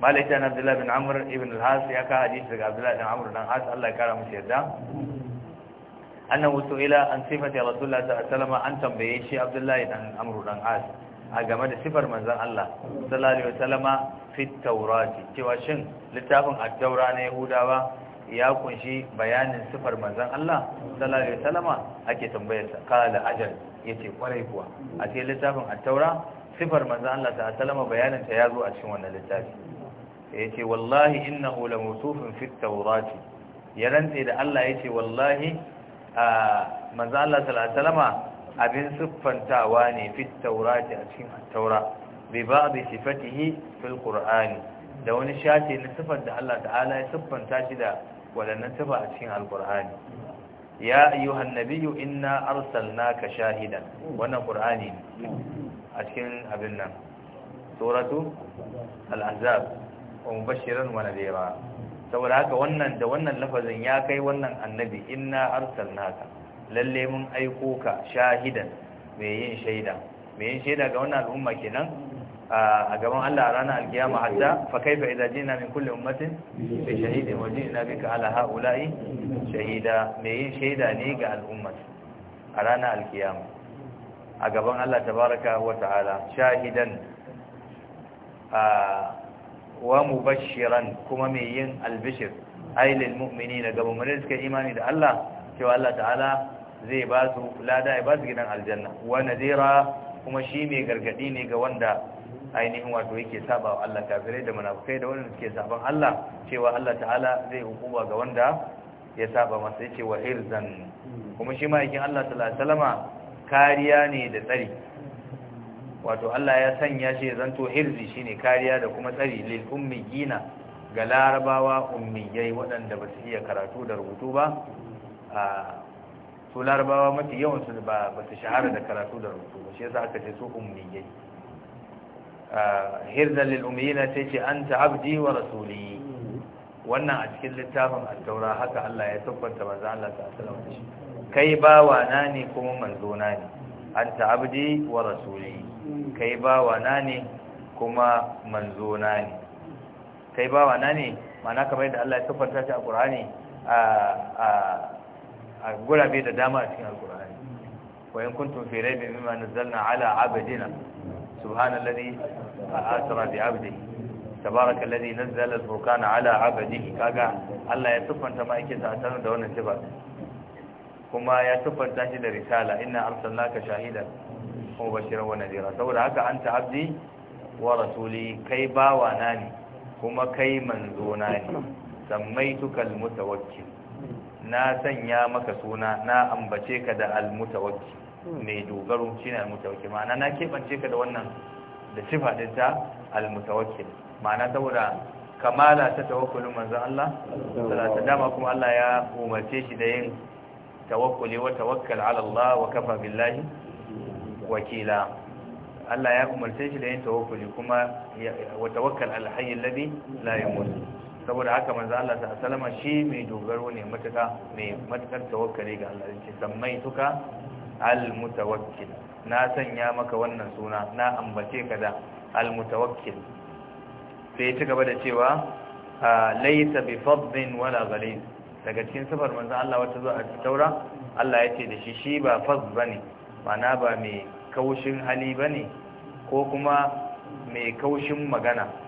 malik ibn abdullah bin amr ibn al-has ya ka hadisi daga abdullah bin amr dan has Allah ya kara masa yarda annahu su'ila an sifati rasulullah sallallahu alaihi wasallam an tambaye shi abdullah bin amr dan has a game da sifar manzan Allah sallallahu alaihi wasallama fi taurati cewa shin littafin at-taura na yahudawa ya kunshi bayanin sifar manzan Allah sallallahu alaihi wasallama ake tambayar sa kala ajal yace kwarai kuwa a cikin littafin at-taura sifar manzan Allah ta, alaihi wasallama bayanin ta yazo a cikin wannan littafi yace wallahi innahu lamawsufun fi taurati ya rantse da Allah yace wallahi manzan Allah sallallahu alaihi abin siffantawa ne fit taurati a cikin taura bi ba'dhi sifatihi fil qur'ani da wani shace na sifar da Allah ta'ala ya siffanta shi da wadannan sifa a cikin alqur'ani ya ayyuhan nabiyyu inna arsalnaka shahidan wannan qur'ani ne a cikin abin nan suratu al-ahzab wa mubashiran wa nadira saboda haka wannan da wannan lafazin ya kai wannan annabi inna arsalnaka lalle mun aiko ka shahidan mai yin shaida mai yin shaida ga wannan al'umma kenan a gaban Allah a ranar alkiyama hatta fa kaifa idza jina min kulli ummatin bi shahidin wa jina bika ala haula'i shahida mai yin shaida ne ga al'umma a ranar alkiyama a gaban Allah tabaraka wa ta'ala shahidan wa mubashiran kuma mai yin albishir ailil mu'minina ga mu'minin suka imani da Allah cewa Allah ta'ala zai ba su lada ya ba su gidan aljanna wa nadira kuma shi mai gargadi ne ga wanda ainihin wato yake saba wa Allah kafirai da munafukai da wanda suke saban Allah cewa Allah ta'ala zai hukuma ga wanda ya saba masa yake wa hirzan kuma shi ma yake Allah sallallahu alaihi wasallama kariya ne da tsari wato Allah ya sanya shi ya zanto hirzi shine kariya da kuma tsari lil ummiyina ga larabawa ummiyai waɗanda ba su iya karatu da rubutu ba a su larabawa mafi yawan su ba ba su shahara da karatu da rubutu ba shi yasa aka ce su ummiyai hirzan lil ummiyina sai ce anta abdi wa rasuli wannan a cikin littafin al-taura haka Allah ya tabbata manzo Allah ta sallama da shi kai bawa na ne kuma manzo nani ne anta abdi wa rasuli kai bawa na ne kuma manzo nani ne kai bawa na ne ma'ana kamar yadda Allah ya tabbata shi a Qur'ani a a gurabe da dama a cikin alkur'ani wa in kuntum fi raibin mimma nazzalna ala abdina subhanallazi asra bi abdihi tabarakallazi nazzala al-furqana ala abdihi kaga Allah ya siffanta ma'aikinsa a tare da wannan sifa kuma ya siffanta shi da risala inna arsalnaka shahidan wa bashiran wa nadira saboda haka anta abdi wa rasuli kai bawa na ne kuma kai manzo na ne sammaituka al-mutawakkil na sanya maka suna na ambace ka da almutawakki mai dogaro shine almutawakki ma'ana na kebance ka da wannan da sifa din ta almutawakkil ma'ana saboda kamala ta tawakkulin manzon Allah sallallahu alaihi dama kuma Allah ya umarce shi da yin tawakkuli wa tawakkal ala Allah wa kafa billahi wakila Allah ya umarce shi da yin tawakkuli kuma wa tawakkal al hayy alladhi la yamut saboda haka manzo Allah ta sallama shi mai dogaro ne matuka mai matukar tawakkali ga Allah sammai tuka almutawakkil na sanya maka wannan suna na ambace ka da almutawakkil sai ya gaba da cewa laysa bi faddin wala ghaliz daga cikin safar manzo Allah wata zuwa a taura Allah yace da shi shi ba fadh bane ma'ana ba mai kaushin hali bane ko kuma mai kaushin magana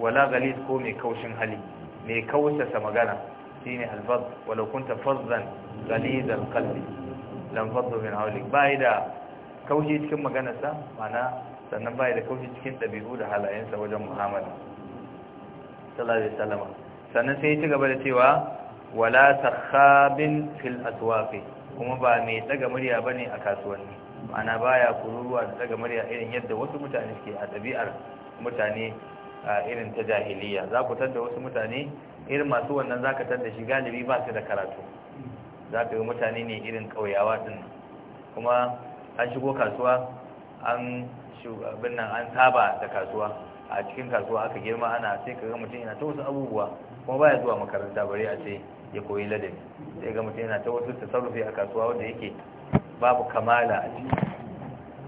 wala galid ko mai kaushin hali mai kausasa magana shine albad walau kunta fazzan galid alqalbi lam faddu min hawlik bai da kaushi cikin maganarsa mana sannan bai da kaushi cikin dabi'u da halayensa wajen Muhammadu. sallallahu alaihi wasallam sannan sai ya ci gaba da cewa wala takhabin fil aswaq kuma ba mai daga murya bane a kasuwanni ma'ana baya kururuwa da daga murya irin yadda wasu mutane suke a dabi'ar mutane a irin ta jahiliya za ku tadda wasu mutane irin masu wannan za ka tadda shi galibi ba su da karatu za ka yi mutane ne irin kauyawa din kuma an shigo kasuwa an shugabin nan an saba da kasuwa a cikin kasuwa aka girma ana sai ka ga mutum yana ta wasu abubuwa kuma baya zuwa makaranta bari a ce ya koyi ladabi sai ga mutum yana ta wasu tasarrufi a kasuwa wanda yake babu kamala a ciki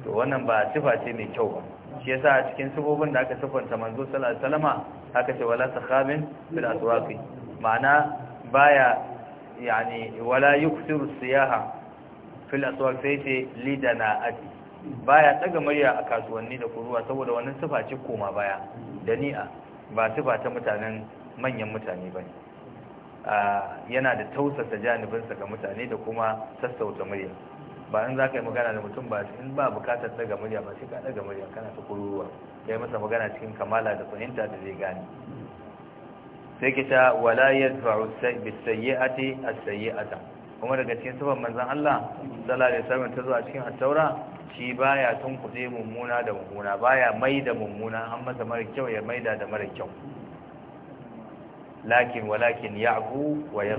to wannan ba sifa ce mai kyau ba shi yasa a cikin sabobin da aka sifanta manzo sallallahu alaihi wasallama aka ce wala sahabin bil aswaqi ma'ana baya yani wala yukthiru siyaha fil aswaq sayti lidana ati baya daga murya a kasuwanni da kuruwa saboda wannan sifa ce koma baya dani'a ba sifa ta mutanen manyan mutane bane yana da tausasa janibinsa ga mutane da kuma sassauta murya ba in za ka yi magana da mutum ba in ba bukatar daga murya ba sai ka daga murya kana ta kururuwa ya yi masa magana cikin kamala da fahimta da zai gane sai kita wala a sayi a ta kuma daga cikin sabon manzan Allah sala da wasallam ta zuwa cikin cikin shi ba shi baya kuɗe mummuna da mummuna baya da mummuna an masa mara kyau ya maida da mara kyau lakin walakin abu wa ya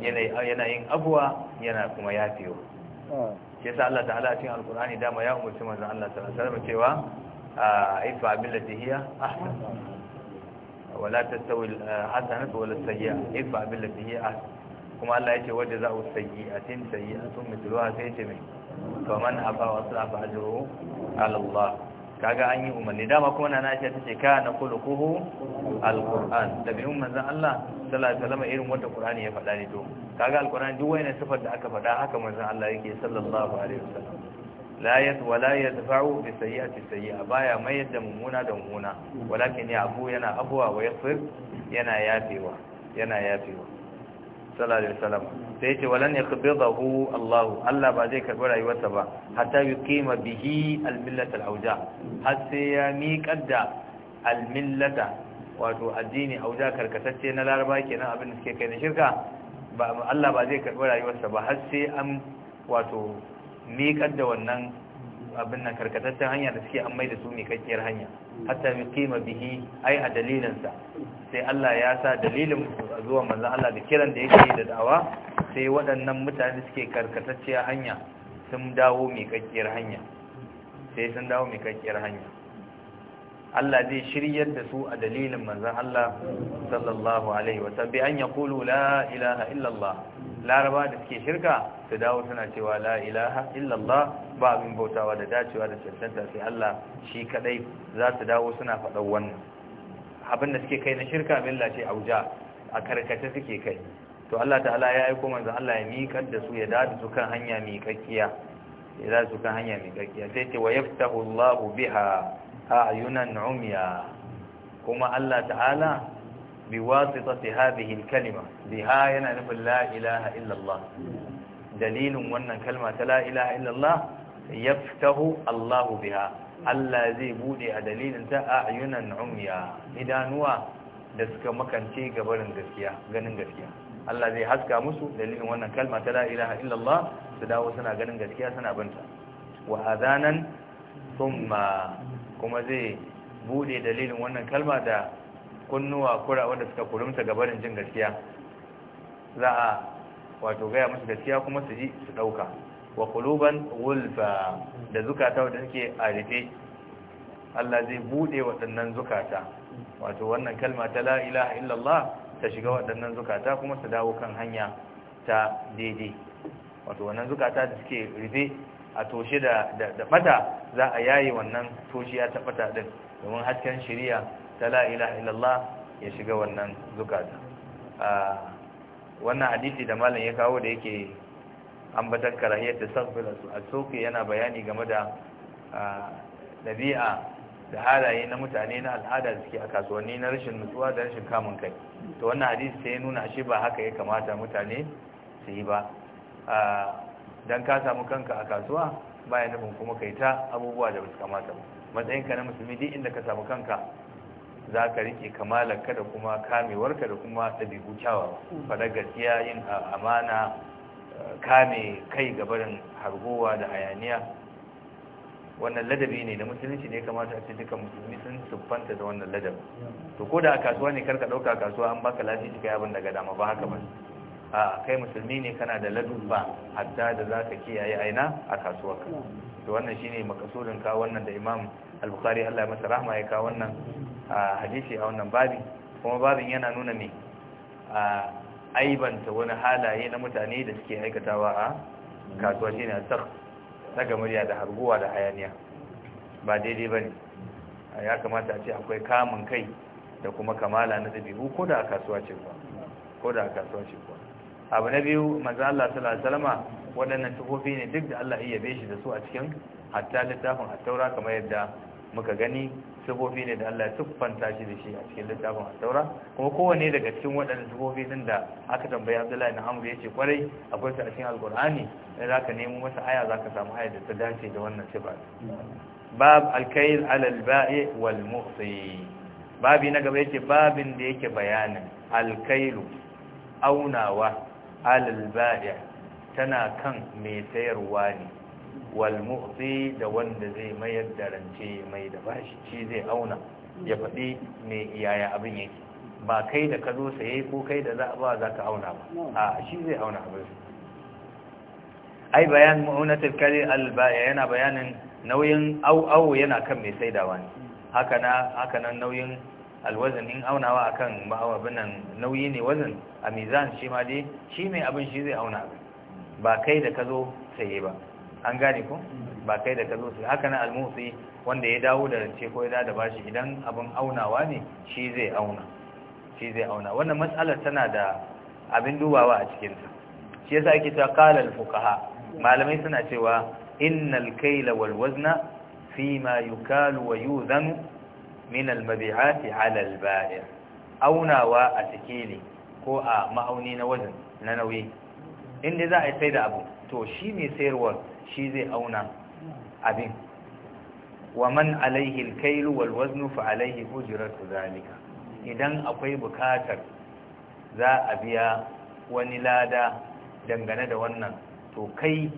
yana yana yin abuwa yana kuma ya yafewa ke sa Allah ta'ala cikin alkur'ani dama ya umarci manzon Allah sallallahu alaihi wasallam cewa idfa bil lati hiya ahsan wala tastawi al hasanatu wala as sayyi'atu idfa bil lati hiya ahsan kuma Allah yace wa jazaa'u sayyi'atin sayyi'atun mithluha sai yace mai faman afa wa aslafa ajruhu ala Allah kaga an yi umarni dama kuma na ta ce ka na khuluquhu alquran dabi'un manzon Allah sallallahu alaihi wasallam irin wanda Qur'ani ya faɗa ne to kaga alquran duk wani sifar da aka faɗa haka manzon Allah yake sallallahu alaihi wasallam la yad wa la yadfa'u bi sayyi'ati sayyi'a baya mai yadda mummuna da mummuna walakin ya abu yana abuwa wa yafir yana yafewa yana yafewa sallallahu alaihi wasallam sai yace walan yaqbidahu Allah Allah ba zai karbi rayuwarsa ba hatta yuqima bihi al-millat al-awja har sai ya miƙar da al-millata wato addini auja karkatacce na laraba kenan abin da suke kai na shirka ba Allah ba zai karbi rayuwarsa ba har sai an wato miƙar da wannan abin nan karkataccen hanya da suke an mai da su miƙaƙƙiyar hanya hatta ma bihi ai a dalilinsa sai Allah ya sa dalilin zuwa manzon Allah da kiran da yake da da'awa sai waɗannan mutane suke karkatacciya hanya sun dawo miƙaƙƙiyar hanya sai sun dawo hanya Allah zai shiryar da su a dalilin manzon Allah sallallahu alaihi wa sallam bi an yaqulu la ilaha illallah laraba da suke shirka ta dawo suna cewa la ilaha illallah ba abin bautawa da dacewa da cancanta sai Allah shi kadai za su dawo suna faɗan wannan abin da suke kai na shirka billa ce auja a karkace suke kai to Allah ta'ala ya aiko manzo Allah ya miƙar da su ya dada su kan hanya miƙakkiya ya su kan hanya sai ce wa yaftahu Allahu biha ayunan umya kuma Allah ta'ala biwasitati hadhihi alkalima biha yana nufin la ilaha illa Allah dalilin wannan kalma ta la ilaha illa Allah yaftahu Allah biha Allah zai buɗe a dalilin ta ayunan umya idanuwa da suka makance gabarin gaskiya ganin gaskiya Allah zai haska musu dalilin wannan kalma ta la ilaha illa Allah su dawo ganin gaskiya suna banta wa adanan kuma zai buɗe dalilin wannan kalma da kunnuwa kura wanda suka kurumta gabanin jin gaskiya za a wato gaya musu gaskiya kuma su ji su ɗauka wa kuluban wulfa da zukata wadda suke a rufe Allah zai buɗe waɗannan zukata wato wannan kalma ta la ilaha illallah ta shiga waɗannan zukata kuma su dawo kan hanya ta daidai wato wannan zukata da suke rufe a toshe da da za a yaye wannan toshiya ta fata din domin hasken shari'a ta la ilaha illallah ya shiga wannan zukata wannan hadisi da malam ya kawo da yake ambatar karahiyar da sarfilarsu a soke yana bayani game da ɗabi'a da halaye na mutane na al'ada da suke a kasuwanni na rashin nutsuwa da rashin kamun kai to wannan hadisi sai ya nuna shi ba haka ya kamata mutane su yi ba don ka samu kanka a kasuwa baya nufin kuma kai ta abubuwa da su kamata ba matsayinka na musulmi duk inda ka samu kanka za ka rike kamalarka da kuma kamewarka da kuma ɗabi'u kyawawa faɗa gaskiya yin amana kame kai gabarin hargowa da hayaniya wannan ladabi ne da musulunci ne kamata a ce duka musulmi sun siffanta da wannan ladabi to ko da a kasuwa ne karka ɗauka kasuwa an baka lafiya kai abin daga dama ba haka ba a kai musulmi ne kana da ladubba hatta da za ka kiyaye aina a kasuwa to wannan shine makasudin ka wannan da imam al-bukhari Allah ya masa rahma ya ka wannan A hadisi a wannan babi kuma babin yana nuna mai a aibanta wani halaye na mutane da suke aikatawa a kasuwa shi ne a daga murya da harguwa da hayaniya ba daidai ba ne ya kamata a ce akwai kamun kai da kuma kamala na dabi'u ko da a kasuwa ce kuwa abu na biyu Maza Allah ta waɗannan tuhofi ne duk da Allah iya be shi da su a cikin hatta littafin hattaura taura kamar yadda muka gani sufofi ne da Allah ya siffanta shi da shi a cikin littafin Taura kuma kowane daga cikin waɗannan sufofi din da aka tambayi Abdullahi na Amr yace kwarai akwai su a cikin Alqur'ani za zaka nemo masa aya zaka samu aya da ta dace da wannan sifa bab alkayl ala al-ba'i wal muhsi babi na gaba yace babin da yake bayanin alkailu aunawa ala al-ba'i tana kan mai sayarwa ne walmu'ti da wanda zai mayar da rance mai da bashi shi zai auna ya faɗi mai iyaya abin yake ba kai da ka zo saye ko kai da za ba za ka auna ba a shi zai auna abin ai bayan ma'aunatul kare albaya yana bayanin nauyin au yana kan mai saidawa ne haka na haka nan nauyin alwazin in aunawa akan ma'awabin nan nauyi ne wazin a mizan shi ma dai shi mai abin shi zai auna ba kai da ka zo saye ba an gane ku ba kai da ka zo su haka nan almusi wanda ya dawo da rance ko ya da bashi idan abin aunawa ne shi zai auna shi zai auna wannan matsalar tana da abin dubawa a cikin shi yasa ake cewa qala fuqaha malamai suna cewa innal kayla wal wazna fima yukalu wa yuzanu min al-mabi'ati 'ala al aunawa a sikeli ko a ma'auni na wazan na nauyi inda za a sai da abu to shi ne sayarwar shi zai auna abin wa man alaihi alkailu wal waznu fa alaihi ujratu zalika idan akwai bukatar za a biya wani lada dangane da wannan to kai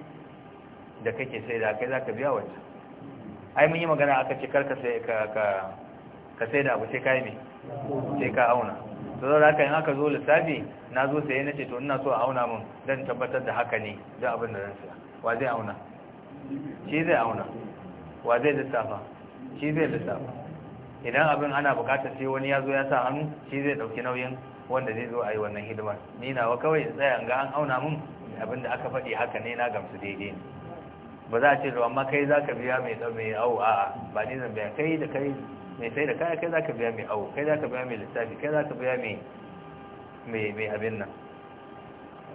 da kake sai da kai zaka biya wancan ai mun yi magana aka ce karka sai ka ka ka sai da abu sai kai ne sai ka auna to zan haka in aka zo lissafi na zo sai nace ce to ina so a auna mun dan tabbatar da haka ne da abin da zan saya wa zai auna shi zai auna wa zai lissafa shi zai lissafa idan abin ana bukatar sai wani ya zo ya sa hannu shi zai dauki nauyin wanda zai zo a yi wannan hidimar ni nawa kawai tsaya ga an auna mun abin da aka faɗi haka ne na gamsu daidai ne ba za a ce amma kai za ka biya mai ɗau mai au a'a ba ni zan biya kai da kai mai sai da kaya kai za ka biya mai au kai za ka biya mai lissafi kai za ka biya mai abin nan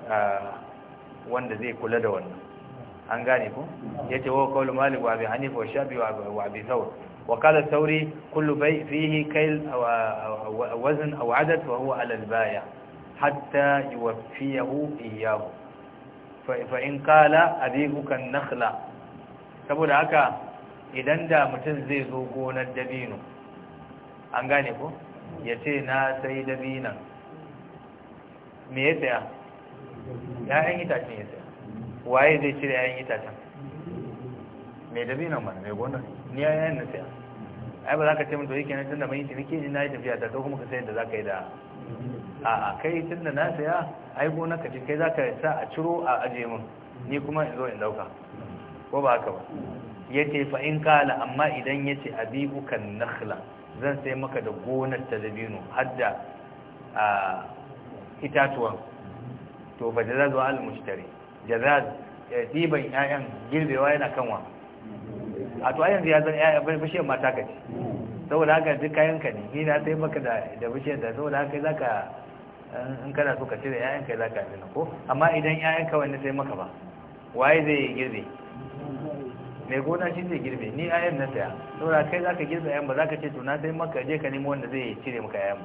ah, wanda zai kula da wannan an gane ku yace wa qawlu malik wa abi hanifa wa shafi wa abi thawr wa qala thawri kullu bay fihi kayl aw wazn aw adad fa huwa ala al-baya hatta yuwaffiyahu iyyahu fa in qala abihuka an-nakhla saboda haka idan da mutum zai zo gonar dabino an gane ko yace na sai dabinan me ya tsaya ya'yan itacen ya tsaya waye zai cire ayan itacen mai dabinan mana mai gona ni yayin na saya ai ba za ka ce mun to yake nan tunda mai ciniki ni na yi tafiya ta to kuma ka sayar da za ka yi da a a kai tunda na saya ai gona ka ji kai za ka sa a ciro a aje mun ni kuma in zo in dauka ko ba haka ba ya ce fa in kala amma idan ya ce abibu kan nakhla zan sai maka da gonar ta dabino da a itatuwan to ba da zazuwa al-mushtari jaza ɗiban 'ya'yan girbewa yana kanwa a to yanzu ya zan ƴaƴan bishiyar mata ka ci saboda haka duk kayan ka ne ni na sai maka da bishiyar da saboda haka zaka ka in kana so ka cire 'ya'yan ka zaka ka nuna ko amma idan 'ya'yan ka wani sai maka ba waye zai girbe mai gona shi zai girbe ni 'ya'yan na saya saboda kai za ka girbe 'ya'yan ba za ka ce to na sai maka je ka nemo wanda zai cire maka 'ya'yan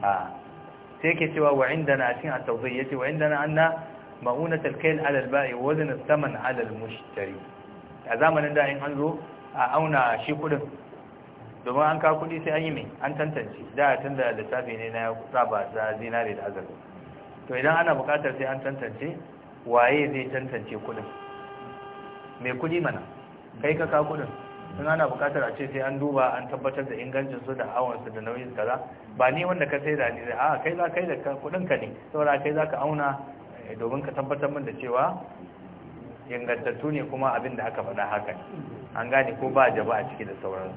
ba sai ke cewa wa inda na cikin at ya yace wa inda na anna ma'una talkail ala alba'i wa wazn athaman ala almushtari a zamanin da in an zo a auna shi kudin domin an ka kudi sai an yi mai an tantance da tun da lissafi ne na saba da zinare da azurfa to idan ana bukatar sai an tantance waye zai tantance kudin mai kudi mana kai ka ka kudin sun ana bukatar a ce sai an duba an tabbatar da ingancin su da awon su da nauyin kaza ba ni wanda ka sai da ni a kai za kai da kudin ka ne saboda kai za ka auna Eh, domin ka tabbatar min da cewa ingantattu ne kuma abin da aka faɗa haka an gane ko ba jaba a ciki da sauransu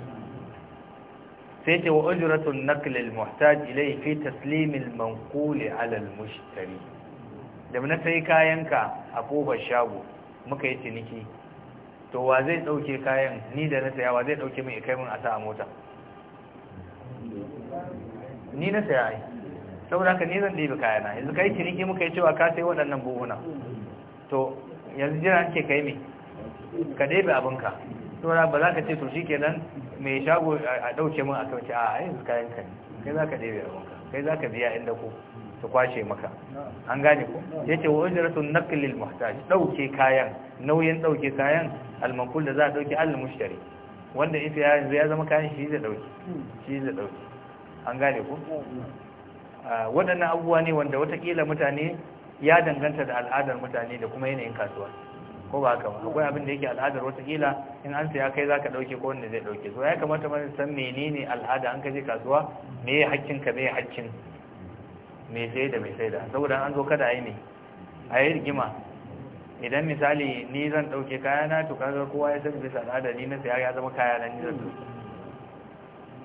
sai ce wa ujratun naql al muhtaj ilay fi taslim al manqul ala al mushtari da mun sai kayanka a kofar shago muka yi ciniki to wa zai dauke kayan ni da na saya wa zai dauke min kai mun a sa a mota ni na saya ai saboda haka ne zan ɗebe kayana yanzu yi ciniki muka yi cewa ka sai waɗannan buhuna to yanzu jira ce yi mai ka ɗebe abinka saboda ba za ka ce to nan mai shago a ɗauke mun a kauce a yanzu kayan ka kai za ka ɗebe abinka kai za ka biya inda ku su kwashe maka an gane ku ya ce wa ujratun naqlil muhtaj ɗauke kayan nauyin ɗauke kayan almankul da za a ɗauke allah mushtari wanda ita ya zama kayan shi zai ɗauke shi zai ɗauke an gane ku waɗannan abubuwa ne wanda watakila mutane ya danganta da al'adar mutane da kuma yanayin kasuwa ko ba haka ba akwai abin da yake al'adar watakila in an saya kai za ka ɗauke ko wanda zai ɗauke. so ya kamata mun san menene al'ada an kaje kasuwa me ya haƙƙin ka me ya haƙƙin, me sai da me sai da saboda an zo kada ayi ne a yi rigima idan misali ni zan ɗauke kayana, na to kaga kowa ya san bisa al'adar ni na saya ya zama kaya na ni zan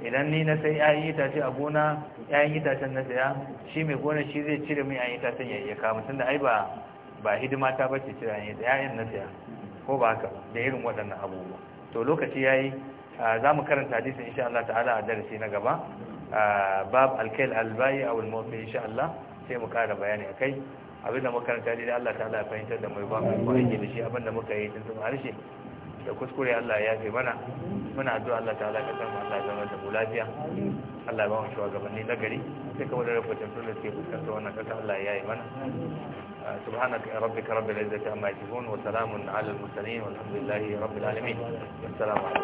idan ni na sai ƴaƴan itace a gona ƴaƴan itacen na saya shi mai gona shi zai cire min ƴaƴan itacen ya iya kama tunda ai ba ba hidima ta bace cire yayin na saya ko ba haka da irin waɗannan abubuwa to lokaci yayi za mu karanta hadisin insha Allah ta'ala a darasi na gaba bab al-kaili al albayi aw almawfi insha Allah sai mu kara bayani akai abinda muka karanta dai Allah ta'ala ya fahimtar da mu ba mu aiki da shi abinda muka yi tun tun harshe da kuskure Allah ya fi mana muna addu'a Allah ta halaka samu Allah ya zama da mu Allah ya ba mu shugabanni na gari sai kuma da rubuta tun da suke fuskanta wannan kasa Allah ya yi mana ah, subhanaka ربك رب izzati عما يصفون وسلام على المرسلين والحمد لله رب العالمين alamin عليكم